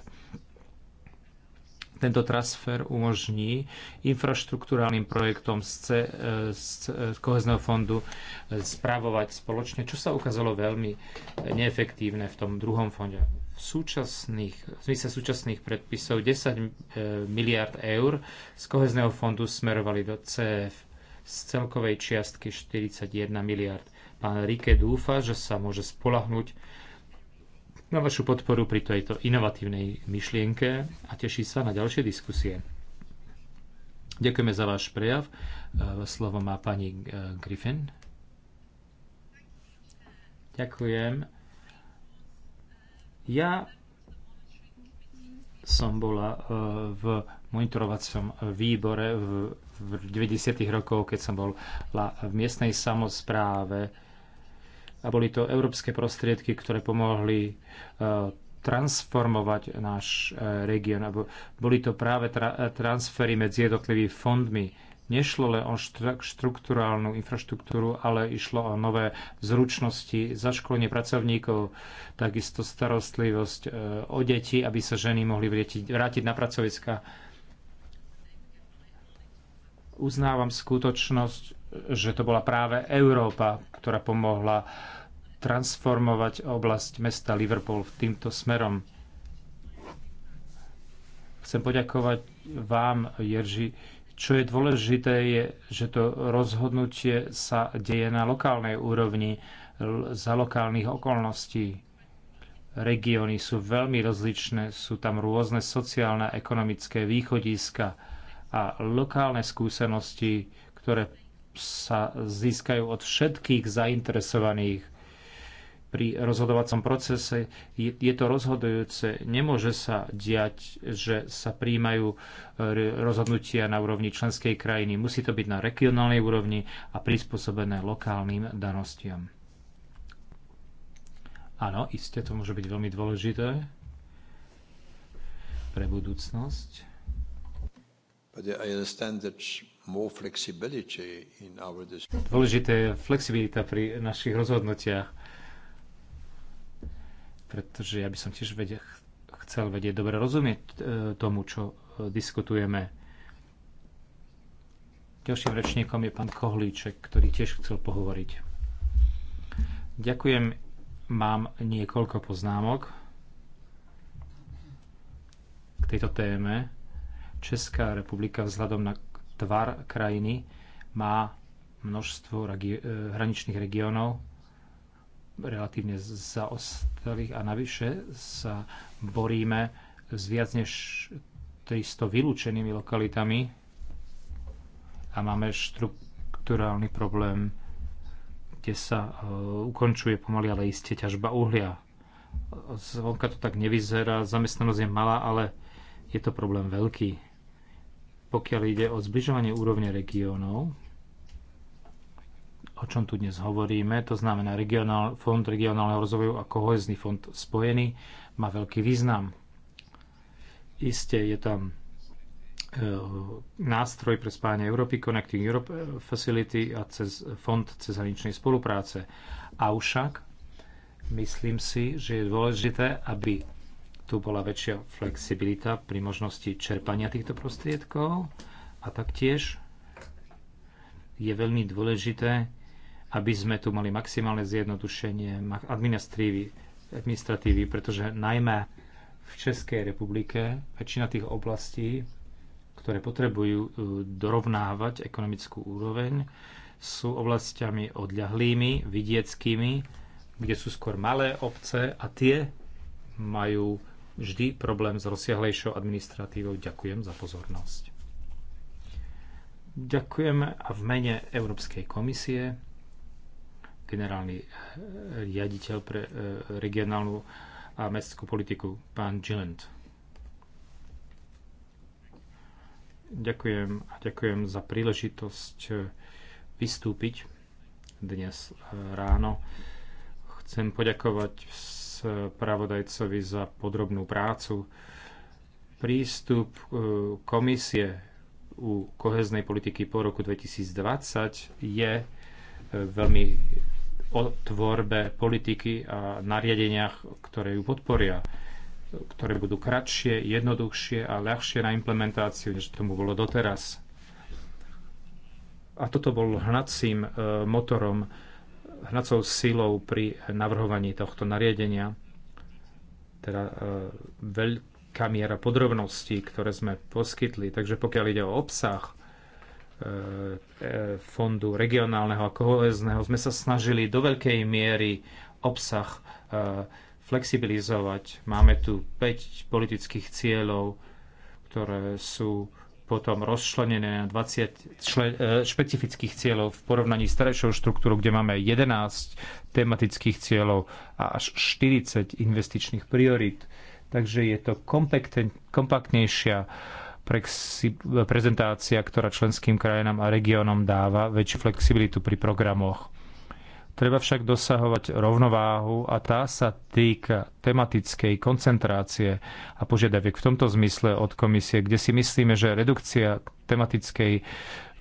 tento transfer umožní infraštruktúrálnym projektom z, C, eh, z, eh, z kohezného fondu eh, spravovať spoločne, čo sa ukázalo veľmi neefektívne v tom druhom fonde. V, súčasných, v zmysle súčasných predpisov 10 miliard eur z kohezného fondu smerovali do CF z celkovej čiastky 41 miliard. Pán Rike dúfa, že sa môže spolahnuť na vašu podporu pri tejto inovatívnej myšlienke a teší sa na ďalšie diskusie. Ďakujeme za váš prejav. E, slovo má pani e, Griffin. Ďakujem. Ja som bola e, v monitorovacom výbore v 90. rokoch, keď som bol v miestnej samozpráve a boli to európske prostriedky, ktoré pomohli e, transformovať náš e, región. Boli to práve tra- transfery medzi jednotlivými fondmi. Nešlo len o štruktúrálnu infraštruktúru, ale išlo o nové zručnosti, zaškolenie pracovníkov, takisto starostlivosť e, o deti, aby sa ženy mohli vrátiť, vrátiť na pracoviska. Uznávam skutočnosť, že to bola práve Európa, ktorá pomohla transformovať oblasť mesta Liverpool v týmto smerom. Chcem poďakovať vám, Jerži. Čo je dôležité, je, že to rozhodnutie sa deje na lokálnej úrovni, za lokálnych okolností. Regióny sú veľmi rozličné, sú tam rôzne sociálne a ekonomické východiska a lokálne skúsenosti, ktoré sa získajú od všetkých zainteresovaných pri rozhodovacom procese. Je, je to rozhodujúce. Nemôže sa diať, že sa príjmajú e, rozhodnutia na úrovni členskej krajiny. Musí to byť na regionálnej úrovni a prispôsobené lokálnym danostiam. Áno, isté to môže byť veľmi dôležité pre budúcnosť. But I understand that Dôležité je flexibilita pri našich rozhodnutiach, pretože ja by som tiež vedel, chcel vedieť dobre rozumieť e, tomu, čo e, diskutujeme. Ďalším rečníkom je pán Kohlíček, ktorý tiež chcel pohovoriť. Ďakujem, mám niekoľko poznámok k tejto téme. Česká republika vzhľadom na tvar krajiny má množstvo regi- e, hraničných regiónov, relatívne zaostalých a navyše sa boríme s viac než 300 vylúčenými lokalitami a máme štruktúrálny problém, kde sa e, ukončuje pomaly, ale iste ťažba uhlia. Zvonka to tak nevyzerá, zamestnanosť je malá, ale je to problém veľký pokiaľ ide o zbližovanie úrovne regiónov, o čom tu dnes hovoríme, to znamená regionál, Fond regionálneho rozvoju a kohezný fond spojený, má veľký význam. Isté je tam e, nástroj pre spájanie Európy, Connecting Europe e, Facility a cez fond hraničnej spolupráce. Avšak myslím si, že je dôležité, aby tu bola väčšia flexibilita pri možnosti čerpania týchto prostriedkov a taktiež je veľmi dôležité, aby sme tu mali maximálne zjednodušenie administratívy, administratívy pretože najmä v Českej republike väčšina tých oblastí, ktoré potrebujú e, dorovnávať ekonomickú úroveň, sú oblastiami odľahlými, vidieckými, kde sú skôr malé obce a tie majú vždy problém s rozsiahlejšou administratívou. Ďakujem za pozornosť. Ďakujem a v mene Európskej komisie generálny eh, riaditeľ pre eh, regionálnu a mestskú politiku, pán Gillent. Ďakujem a ďakujem za príležitosť eh, vystúpiť dnes ráno. Chcem poďakovať spravodajcovi za podrobnú prácu. Prístup e, komisie u koheznej politiky po roku 2020 je e, veľmi o tvorbe politiky a nariadeniach, ktoré ju podporia, ktoré budú kratšie, jednoduchšie a ľahšie na implementáciu, než tomu bolo doteraz. A toto bol hnacím e, motorom hnacou silou pri navrhovaní tohto nariadenia. Teda e, veľká miera podrobností, ktoré sme poskytli. Takže pokiaľ ide o obsah e, e, fondu regionálneho a kohezného, sme sa snažili do veľkej miery obsah flexibilizovať. Máme tu 5 politických cieľov, ktoré sú potom rozčlenené na 20 e, špecifických cieľov v porovnaní s starejšou štruktúrou, kde máme 11 tematických cieľov a až 40 investičných priorít. Takže je to kompaktnejšia prezentácia, ktorá členským krajinám a regiónom dáva väčšiu flexibilitu pri programoch. Treba však dosahovať rovnováhu a tá sa týka tematickej koncentrácie a požiadaviek v tomto zmysle od komisie, kde si myslíme, že redukcia tematickej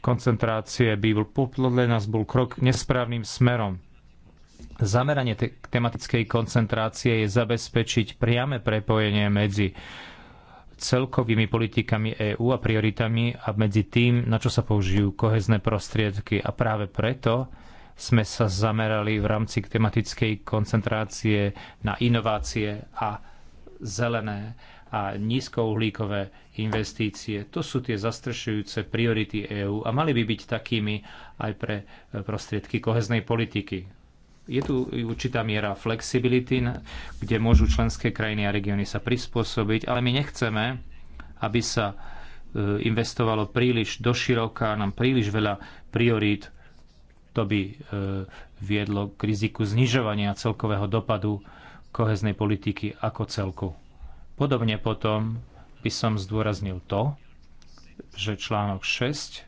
koncentrácie by bol podľa nás bol krok nesprávnym smerom. Zameranie te- tematickej koncentrácie je zabezpečiť priame prepojenie medzi celkovými politikami EÚ a prioritami a medzi tým, na čo sa použijú kohezné prostriedky. A práve preto sme sa zamerali v rámci tematickej koncentrácie na inovácie a zelené a nízkouhlíkové investície. To sú tie zastrešujúce priority EÚ a mali by byť takými aj pre prostriedky koheznej politiky. Je tu určitá miera flexibility, kde môžu členské krajiny a regióny sa prispôsobiť, ale my nechceme, aby sa e, investovalo príliš doširoka, nám príliš veľa priorít to by e, viedlo k riziku znižovania celkového dopadu koheznej politiky ako celku. Podobne potom by som zdôraznil to, že článok 6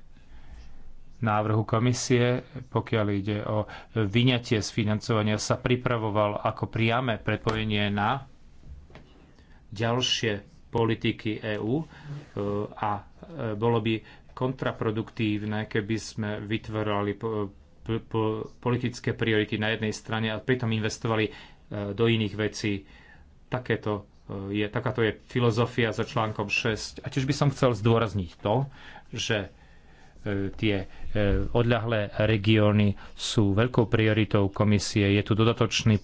návrhu komisie, pokiaľ ide o vyňatie z financovania, sa pripravoval ako priame prepojenie na ďalšie politiky EÚ e, a e, bolo by kontraproduktívne, keby sme vytvorali politické priority na jednej strane a pritom investovali e, do iných vecí. Takéto e, je, takáto je filozofia za článkom 6. A tiež by som chcel zdôrazniť to, že e, tie odľahlé regióny sú veľkou prioritou komisie. Je tu dodatočný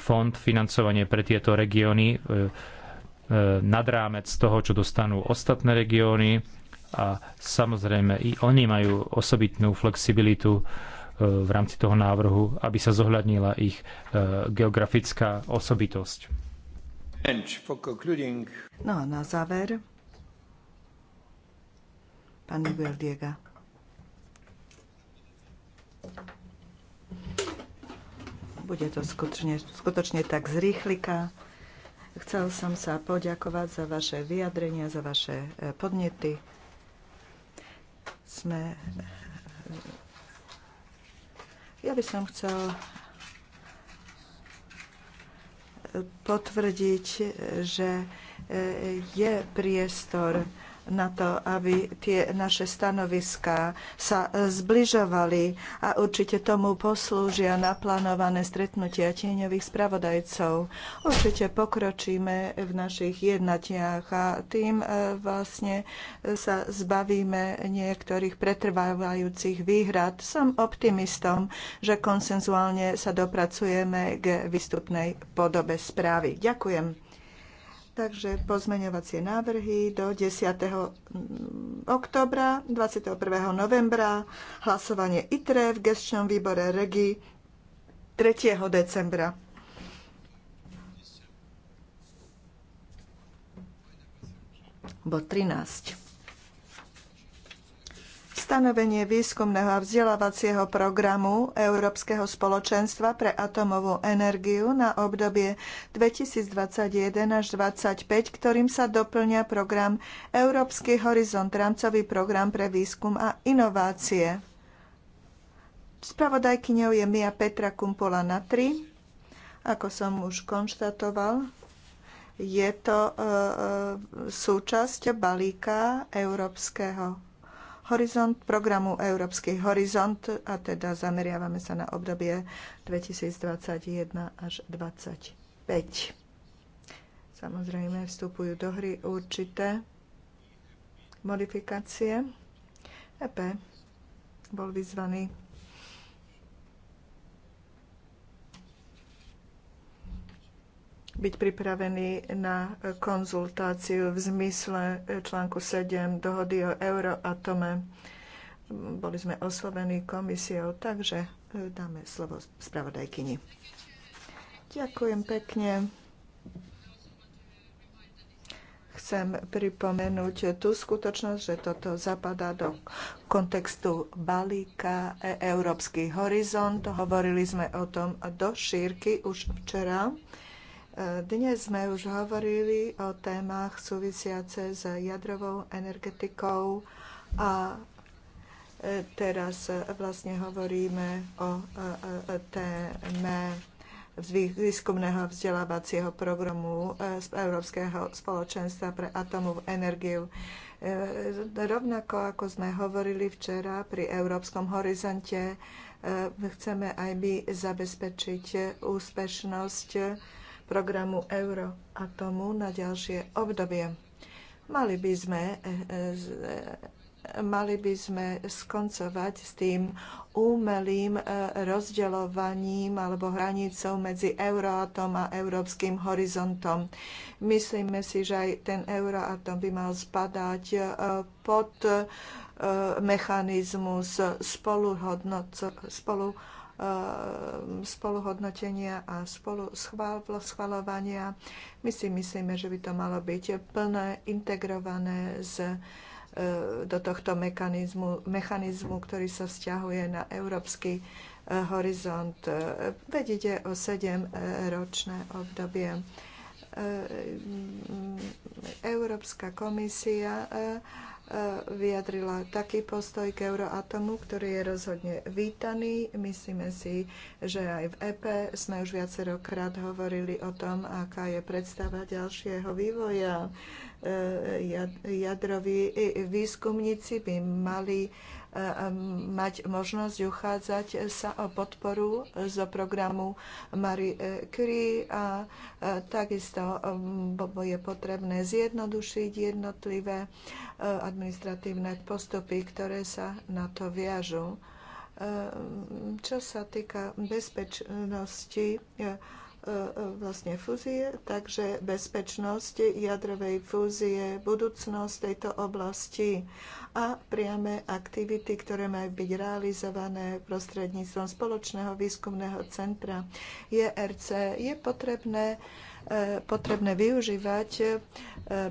fond financovanie pre tieto regióny nad rámec toho, čo dostanú ostatné regióny a samozrejme i oni majú osobitnú flexibilitu e, v rámci toho návrhu, aby sa zohľadnila ich e, geografická osobitosť. No a na záver, pán Miguel Diega. Bude to skutočne, skutočne tak zrýchlika. Chcel som sa poďakovať za vaše vyjadrenia, za vaše e, podnety sme... Ja by som chcel potvrdiť, že je priestor na to, aby tie naše stanoviská sa zbližovali a určite tomu poslúžia naplánované stretnutia tieňových spravodajcov. Určite pokročíme v našich jednatiach a tým e, vlastne e, sa zbavíme niektorých pretrvávajúcich výhrad. Som optimistom, že konsenzuálne sa dopracujeme k výstupnej podobe správy. Ďakujem. Takže pozmeňovacie návrhy do 10. oktobra, 21. novembra, hlasovanie ITRE v gestčnom výbore REGI 3. decembra. Bo 13 stanovenie výskumného a vzdelávacieho programu Európskeho spoločenstva pre atomovú energiu na obdobie 2021 až 2025, ktorým sa doplňa program Európsky horizont, rámcový program pre výskum a inovácie. Spravodajkyňou je Mia Petra Kumpola Natri. Ako som už konštatoval, je to e, e, súčasť balíka Európskeho horizont programu Európsky horizont a teda zameriavame sa na obdobie 2021 až 2025. Samozrejme vstupujú do hry určité modifikácie. EP bol vyzvaný byť pripravení na konzultáciu v zmysle článku 7 dohody o euroatome. Boli sme oslovení komisiou, takže e, dáme slovo spravodajkyni. Ďakujem pekne. Chcem pripomenúť tú skutočnosť, že toto zapadá do kontextu balíka e- Európsky horizont. Hovorili sme o tom do šírky už včera. Dnes sme už hovorili o témach súvisiace s jadrovou energetikou a e, teraz vlastne hovoríme o e, e, téme výskumného vzdelávacieho programu z Európskeho spoločenstva pre atomovú energiu. Rovnako ako sme hovorili včera pri Európskom horizonte, chceme aj my zabezpečiť úspešnosť programu Euroatomu na ďalšie obdobie. Mali by sme eh, eh, eh, mali by sme skoncovať s tým umelým rozdeľovaním alebo hranicou medzi Euroatom a Európskym horizontom. Myslíme si, že aj ten Euroatom by mal spadať pod mechanizmus spoluhodnot, Ehm, spoluhodnotenia a spolu schvalovania. My si myslíme, že by to malo byť plné, integrované z e, do tohto mechanizmu, mechanizmu, ktorý sa vzťahuje na európsky e, horizont. E, veď ide o 7-ročné obdobie. Európska komisia vyjadrila taký postoj k Euroatomu, ktorý je rozhodne vítaný. Myslíme si, že aj v EP sme už viacerokrát hovorili o tom, aká je predstava ďalšieho vývoja. Uh, Eh, jadroví výskumníci by mali eh, mať možnosť uchádzať sa o podporu zo programu Marie Curie a eh, takisto je potrebné zjednodušiť jednotlivé administratívne postupy, ktoré sa na to viažú. Čo sa týka bezpečnosti, E, e, vlastne fúzie, takže bezpečnosť jadrovej fúzie, budúcnosť tejto oblasti a priame aktivity, ktoré majú byť realizované prostredníctvom spoločného výskumného centra JRC, je potrebné e, potrebné využívať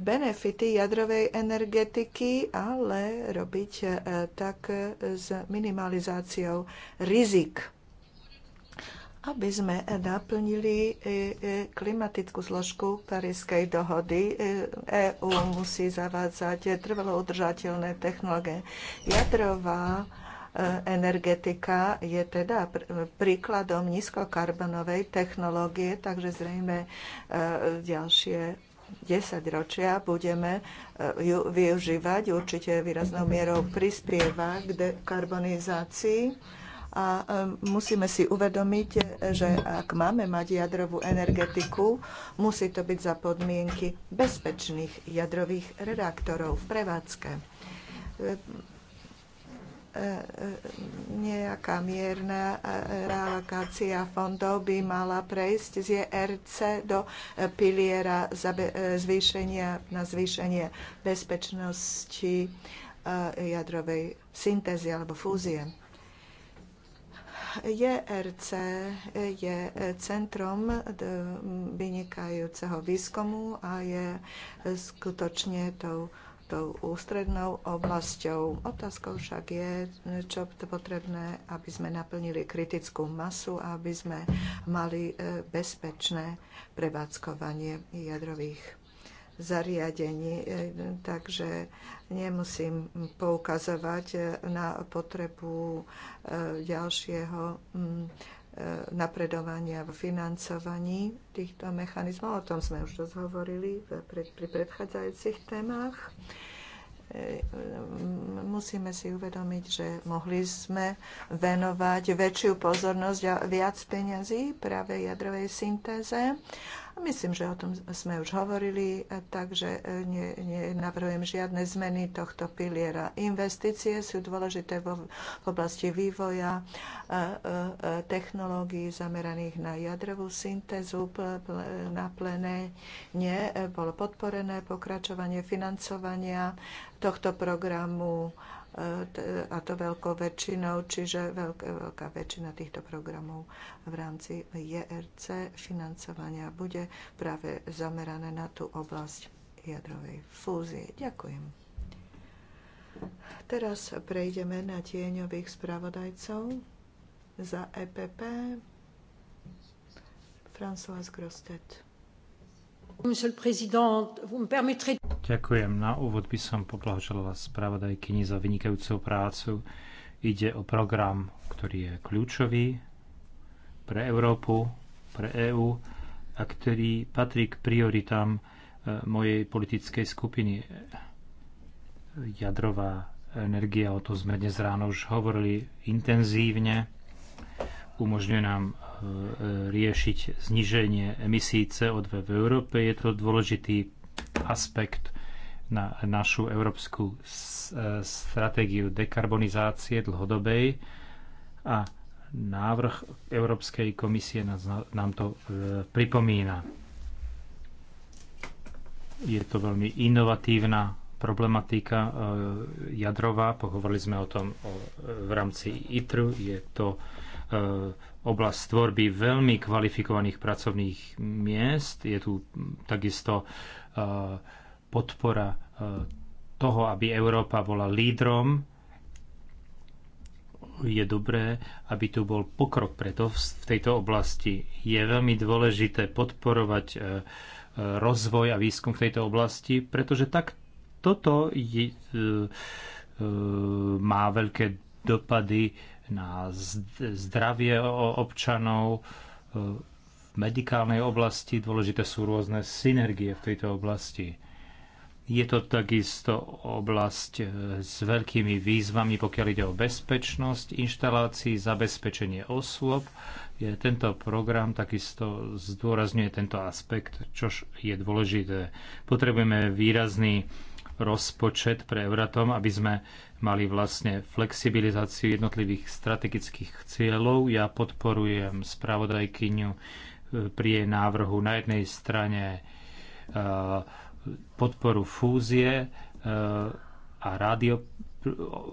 benefity jadrovej energetiky, ale robiť tak s minimalizáciou rizik aby sme naplnili e, e, klimatickú zložku Parískej dohody. EÚ e musí zavádzať trvalo udržateľné technológie. Jadrová energetika je teda príkladom nízkokarbonovej technológie, takže zrejme ďalšie 10 ročia budeme ju využívať, určite výraznou mierou prispieva k dekarbonizácii a musíme si uvedomiť, že ak máme mať jadrovú energetiku, musí to byť za podmienky bezpečných jadrových reaktorov v prevádzke. E, e, nejaká mierna e, relokácia fondov by mala prejsť z JRC do piliera zvýšenia, na zvýšenie bezpečnosti jadrovej syntézy alebo fúzie. JRC je centrom vynikajúceho výskumu a je skutočne tou tou ústrednou oblasťou. Otázkou však je, čo je potrebné, aby sme naplnili kritickú masu a aby sme mali e, bezpečné prevádzkovanie jadrových zariadení, e, takže nemusím poukazovať e, na potrebu e, ďalšieho mm, napredovania v financovaní týchto mechanizmov. O tom sme už dosť hovorili pri predchádzajúcich témach. Musíme si uvedomiť, že mohli sme venovať väčšiu pozornosť a viac peňazí práve jadrovej syntéze Myslím, že o tom sme už hovorili, e, takže e, nenavrhujem žiadne zmeny tohto piliera. Investície sú dôležité vo, v oblasti vývoja e, technológií zameraných na jadrovú syntézu na plené. Nie, bolo podporené pokračovanie financovania tohto programu E, a to veľkou väčšinou, čiže veľká, veľká väčšina týchto programov v rámci JRC e financovania bude práve zamerané na tú oblasť jadrovej fúzie. Ďakujem. Teraz prejdeme na tieňových spravodajcov za EPP François Grostet. Monsieur le Président, vous me permettrez Ďakujem. Na úvod by som poblahoželala spravodajkyni za vynikajúcu prácu. Ide o program, ktorý je kľúčový pre Európu, pre EÚ a ktorý patrí k prioritám e, mojej politickej skupiny. Jadrová energia, o tom sme dnes ráno už hovorili intenzívne, umožňuje nám e, e, riešiť zniženie emisí CO2 v Európe. Je to dôležitý aspekt na našu európsku e, stratégiu dekarbonizácie dlhodobej a návrh Európskej komisie nám to e, pripomína. Je to veľmi inovatívna problematika e, jadrová. Pohovorili sme o tom v rámci ITRU. Je to oblasť tvorby veľmi kvalifikovaných pracovných miest. Je tu takisto podpora e, toho, aby Európa bola lídrom, je dobré, aby tu bol pokrok preto v tejto oblasti. Je veľmi dôležité podporovať e, e, rozvoj a výskum v tejto oblasti, pretože tak toto je, má veľké dopady na zdravie občanov v medikálnej oblasti. Dôležité sú rôzne synergie v tejto oblasti je to takisto oblasť e, s veľkými výzvami, pokiaľ ide o bezpečnosť inštalácií, zabezpečenie osôb. Je, tento program takisto zdôrazňuje tento aspekt, čo je dôležité. Potrebujeme výrazný rozpočet pre Euratom, aby sme mali vlastne flexibilizáciu jednotlivých strategických cieľov. Ja podporujem spravodajkyňu e, pri jej návrhu na jednej strane uh, podporu fúzie e, a rádio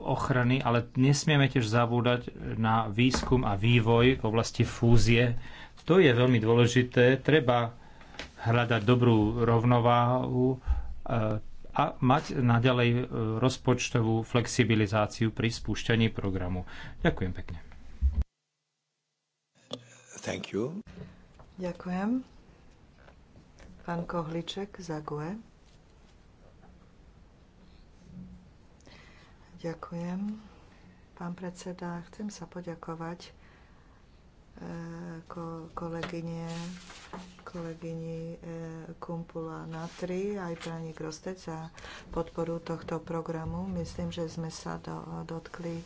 ochrany, ale nesmieme tiež zabúdať na výskum a vývoj v oblasti fúzie. To je veľmi dôležité. Treba hľadať dobrú rovnováhu e, a mať naďalej e, rozpočtovú flexibilizáciu pri spúšťaní programu. Ďakujem pekne. Thank you. Ďakujem. Pán Kohliček za GUE. Ďakujem. Pán predseda, chcem sa poďakovať e, kolegyne, kolegyni e, Kumpula Natri aj pani Grostec za podporu tohto programu. Myslím, že sme sa do, dotkli e,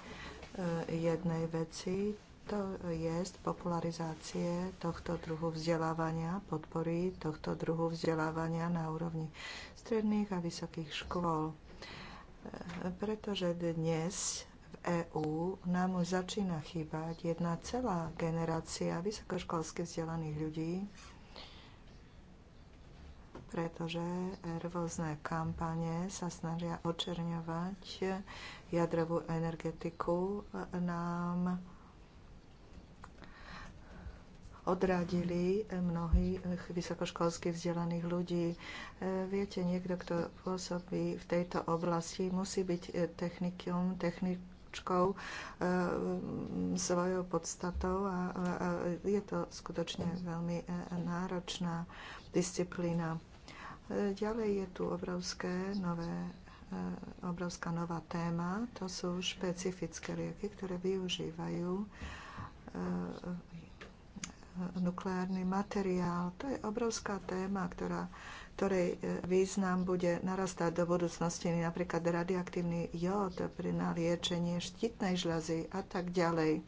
jednej veci, to je popularizácie tohto druhu vzdelávania, podpory tohto druhu vzdelávania na úrovni stredných a vysokých škôl. E, pretože dnes v EÚ nám už začína chýbať jedna celá generácia vysokoškolsky vzdelaných ľudí, pretože rôzne kampane sa snažia očerňovať jadrovú energetiku e, nám odradili mnohých vysokoškolských vzdelaných ľudí. E, viete, niekto, kto pôsobí v tejto oblasti, musí byť e, technikum, technik, e, svojou podstatou a, je to skutočne veľmi náročná disciplína. Ďalej je tu obrovské nové obrovská nová téma, to sú špecifické lieky, ktoré využívajú nukleárny materiál. To je obrovská téma, ktorá, ktorej e, význam bude narastať do budúcnosti, napríklad radioaktívny jód pri naliečenie štítnej žľazy a tak ďalej.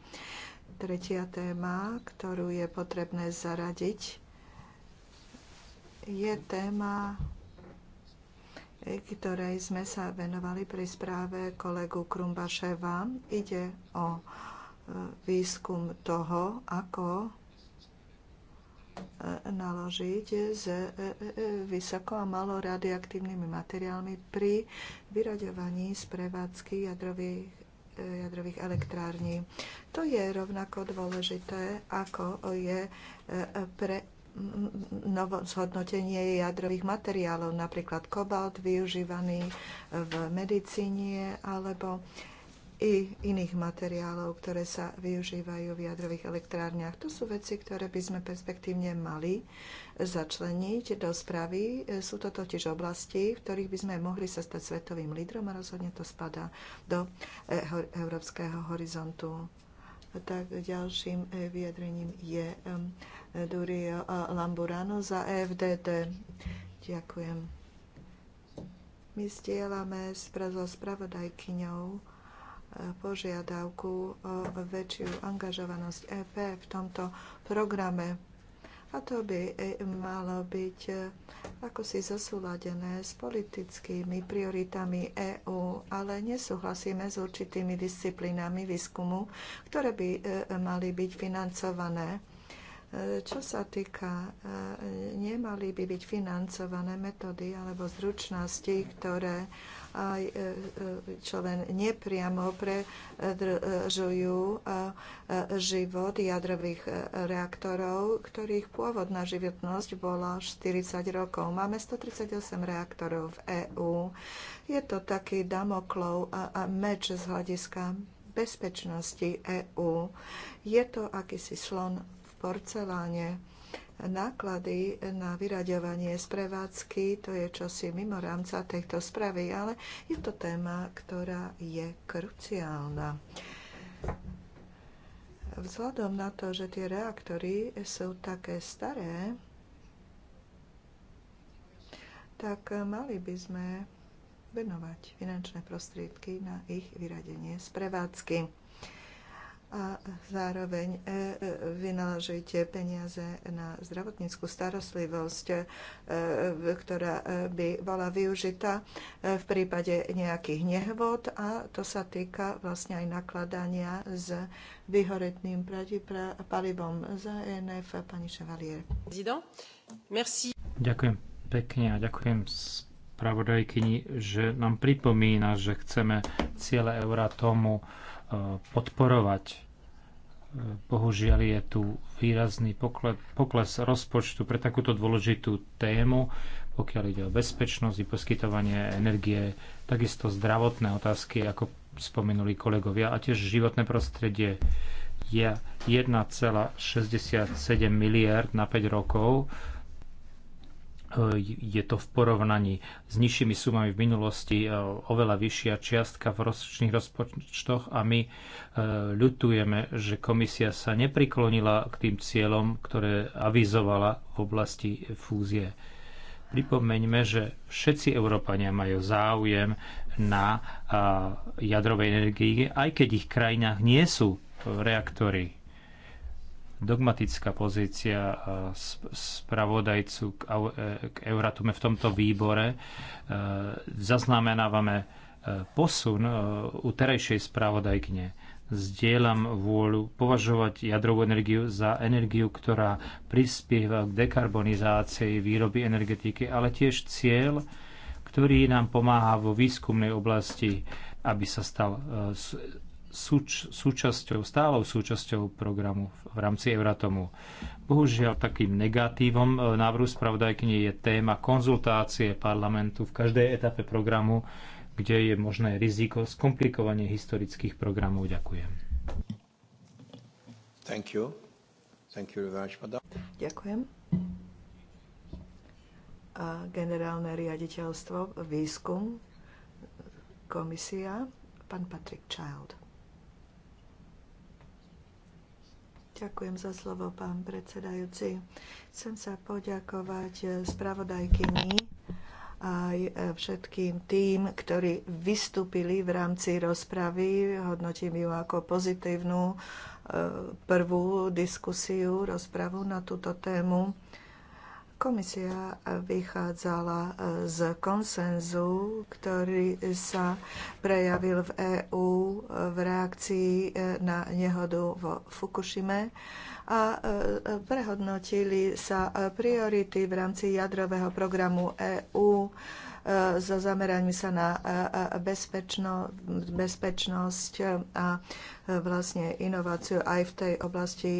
Tretia téma, ktorú je potrebné zaradiť, je téma e, ktorej sme sa venovali pri správe kolegu Krumbaševa. Ide o e, výskum toho, ako naložiť s e, e, e, vysoko a malo radioaktívnymi materiálmi pri vyraďovaní z prevádzky jadrových jadrových elektrární. To je rovnako dôležité, ako je pre novo zhodnotenie jadrových materiálov, napríklad kobalt využívaný v medicíne alebo i iných materiálov, ktoré sa využívajú v jadrových elektrárniach. To sú veci, ktoré by sme perspektívne mali začleniť do správy. Sú to totiž oblasti, v ktorých by sme mohli sa stať svetovým lídrom a rozhodne to spadá do eh, európskeho horizontu. Tak ďalším eh, vyjadrením je Durio eh, Lamburano za EFDD. Ďakujem. My zdieľame s spravodajkyňou požiadavku o väčšiu angažovanosť EP e v tomto programe. A to by e, malo byť e, ako si zosúladené s politickými prioritami EÚ, ale nesúhlasíme s určitými disciplínami výskumu, ktoré by mali byť financované. Čo sa týka, nemali by byť financované metódy alebo zručnosti, ktoré aj e, e, člen nepriamo predržujú e, život jadrových reaktorov, ktorých pôvodná životnosť bola 40 rokov. Máme 138 reaktorov v EÚ. Je to taký damoklov a meč z hľadiska bezpečnosti EÚ. Je to akýsi slon v porceláne náklady na vyraďovanie z prevádzky, to je čosi mimo rámca tejto správy, ale je to téma, ktorá je kruciálna. Vzhľadom na to, že tie reaktory sú také staré, tak mali by sme venovať finančné prostriedky na ich vyradenie z prevádzky a zároveň e, e, vynaložujte peniaze na zdravotníckú starostlivosť, e, ktorá by bola využitá v prípade nejakých nehvod a to sa týka vlastne aj nakladania s vyhoretným palivom za ENF. Pani Chevalier. Ďakujem pekne a ďakujem spravodajkyni, že nám pripomína, že chceme ciele Euratomu tomu podporovať. Bohužiaľ je tu výrazný pokles rozpočtu pre takúto dôležitú tému, pokiaľ ide o bezpečnosť i poskytovanie energie, takisto zdravotné otázky, ako spomenuli kolegovia, a tiež životné prostredie je 1,67 miliard na 5 rokov je to v porovnaní s nižšími sumami v minulosti e, oveľa vyššia čiastka v ročných rozpočtoch a my e, ľutujeme, že komisia sa nepriklonila k tým cieľom, ktoré avizovala v oblasti fúzie. Pripomeňme, že všetci Európania majú záujem na e, jadrovej energii, aj keď ich krajinách nie sú reaktory dogmatická pozícia spravodajcu e, k, Euratume v tomto výbore. E, zaznamenávame e, posun u terejšej spravodajkne. Zdieľam vôľu považovať jadrovú energiu za energiu, ktorá prispieva k dekarbonizácii výroby energetiky, ale tiež cieľ, ktorý nám pomáha vo výskumnej oblasti, aby sa stal súč- súčasťou, stálou súčasťou programu v rámci Euratomu. Bohužiaľ, takým negatívom e, návrhu spravodajkyne je téma konzultácie parlamentu v každej etape programu, kde je možné riziko skomplikovanie historických programov. Ďakujem. Thank you. Thank you very much, Ďakujem. A generálne riaditeľstvo výskum komisia, pán Patrick Child. Ďakujem za slovo, pán predsedajúci. Chcem sa poďakovať spravodajkyni aj e, všetkým tým, ktorí vystúpili v rámci rozpravy. Hodnotím ju ako pozitívnu e, prvú diskusiu, rozpravu na túto tému. Komisia vychádzala e, z konsenzu, ktorý sa prejavil v EÚ e, v reakcii e, na nehodu vo Fukushime a prehodnotili sa priority v rámci jadrového programu EÚ so zameraním sa na bezpečno, bezpečnosť a vlastne inováciu aj v tej oblasti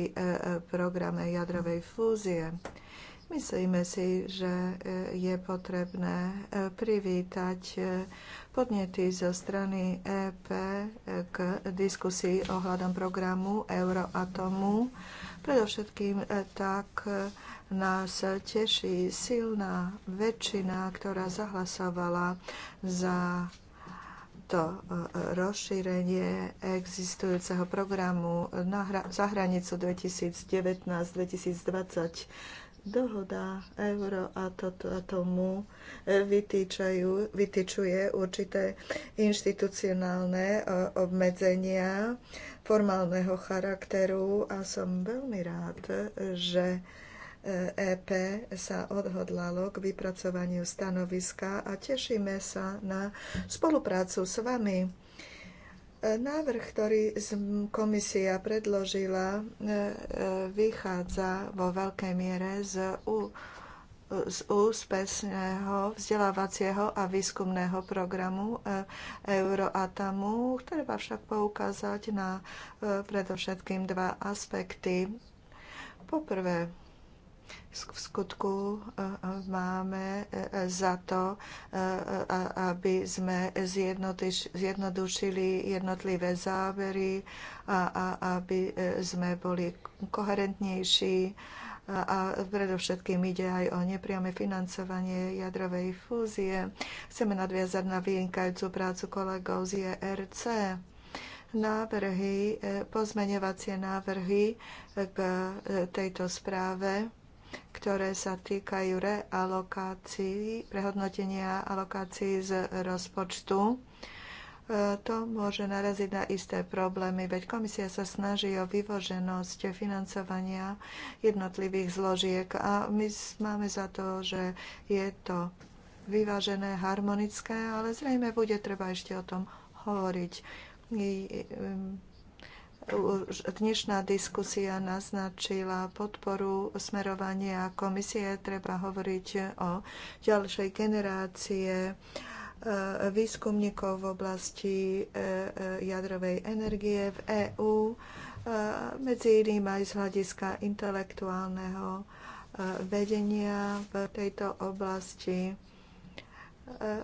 programe jadrovej fúzie. Myslíme si, že e, je potrebné e, privítať e, podnety zo strany EP k diskusii ohľadom programu Euroatomu. Predovšetkým tak nás teší silná väčšina, ktorá zahlasovala za to rozšírenie existujúceho programu na, za hranicu 2019-2020 dohoda euro a tomu e, vytýčajú, vytýčuje určité inštitucionálne e, obmedzenia formálneho charakteru a som veľmi rád, že EP e sa odhodlalo k vypracovaniu stanoviska a tešíme sa na spoluprácu s vami Návrh, ktorý komisia predložila, e, e, vychádza vo veľkej miere z, z úspešného vzdelávacieho a výskumného programu e, Euroatamu. Treba však poukázať na predovšetkým dva aspekty. Poprvé, v skutku e, e, máme e, za to, aby sme zjednodušili jednotlivé závery a aby sme boli koherentnejší. A predovšetkým ide aj o nepriame financovanie jadrovej fúzie. Chceme nadviazať na vynikajúcu prácu kolegov z JRC návrhy, pozmeňovacie návrhy k tejto správe ktoré sa týkajú realokácií, prehodnotenia alokácií z rozpočtu. E, to môže naraziť na isté problémy, veď komisia sa snaží o vyvoženosť financovania jednotlivých zložiek a my máme za to, že je to vyvážené, harmonické, ale zrejme bude treba ešte o tom hovoriť dnešná diskusia naznačila podporu smerovania komisie. Treba hovoriť o ďalšej generácie e, výskumníkov v oblasti e, e, jadrovej energie v EÚ, medzi iným aj z hľadiska intelektuálneho vedenia v tejto oblasti.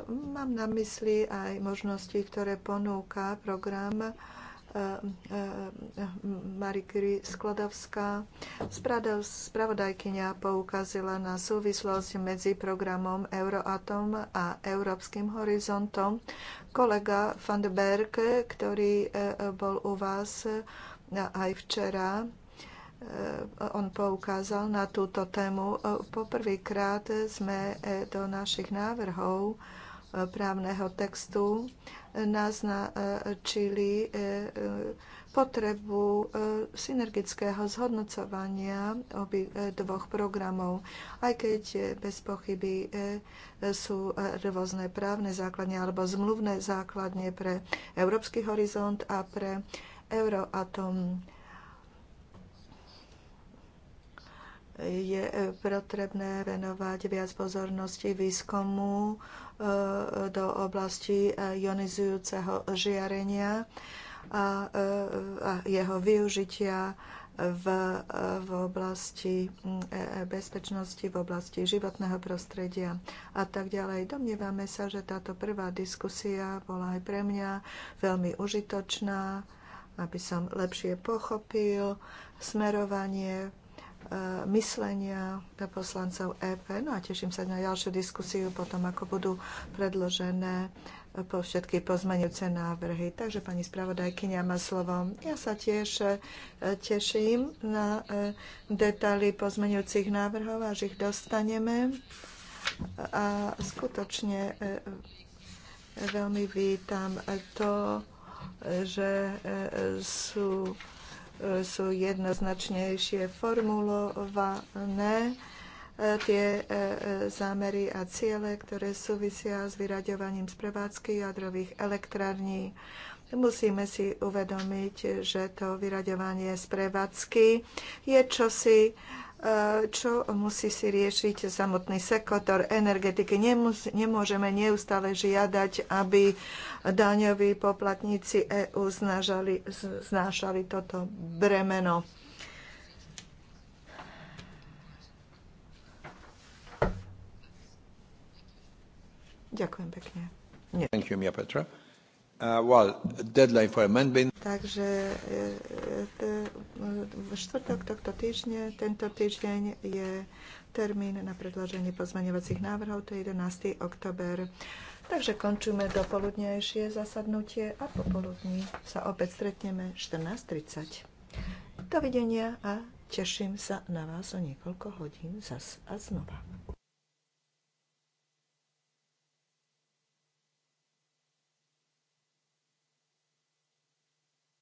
Mám na mysli aj možnosti, ktoré ponúka program Eh, eh, eh, Marie Curie Sklodavská, spravodajkynia poukazila na súvislosť medzi programom Euroatom a Európskym horizontom. Kolega van de Berg, ktorý bol u vás aj včera, on poukázal na túto tému. Poprvýkrát sme do našich návrhov právneho textu naznačili e, e, potrebu e, synergického zhodnocovania obi dvoch programov, aj keď bez pochyby sú rôzne právne základne alebo zmluvné základne pre Európsky horizont a pre Euroatom. Je potrebné venovať viac pozornosti výskumu E, do oblasti e, ionizujúceho žiarenia e, a, jeho využitia v, v oblasti bezpečnosti, v oblasti životného prostredia a tak ďalej. Domnievame sa, že táto prvá diskusia bola aj pre mňa veľmi užitočná, aby som lepšie pochopil smerovanie E, myslenia poslancov EP. No a teším sa na ďalšiu diskusiu potom, ako budú predložené e, po všetky pozmenujúce návrhy. Takže pani spravodajkynia má slovo. Ja sa tiež e, teším na detaily pozmenujúcich návrhov, až ich dostaneme. A skutočne veľmi vítam to, že sú sú jednoznačnejšie formulované e, tie e, e, zámery a ciele, ktoré súvisia s vyraďovaním z prevádzky jadrových elektrární. Musíme si uvedomiť, že to vyraďovanie z prevádzky je čosi, čo musí si riešiť samotný sektor energetiky. Nemus- Nemôžeme neustále žiadať, aby daňoví poplatníci EÚ znášali toto bremeno. Ďakujem pekne. Nie. Thank you, Mia Petra. Uh, well, deadline for amendment. Takže e, e, e, v štvrtok tohto týždne, tento týždeň je termín na predloženie pozmaňovacích návrhov, to je 11. oktober. Takže končíme dopoludnejšie zasadnutie a popoludní sa opäť stretneme 14.30. Dovidenia a teším sa na vás o niekoľko hodín zas a znova.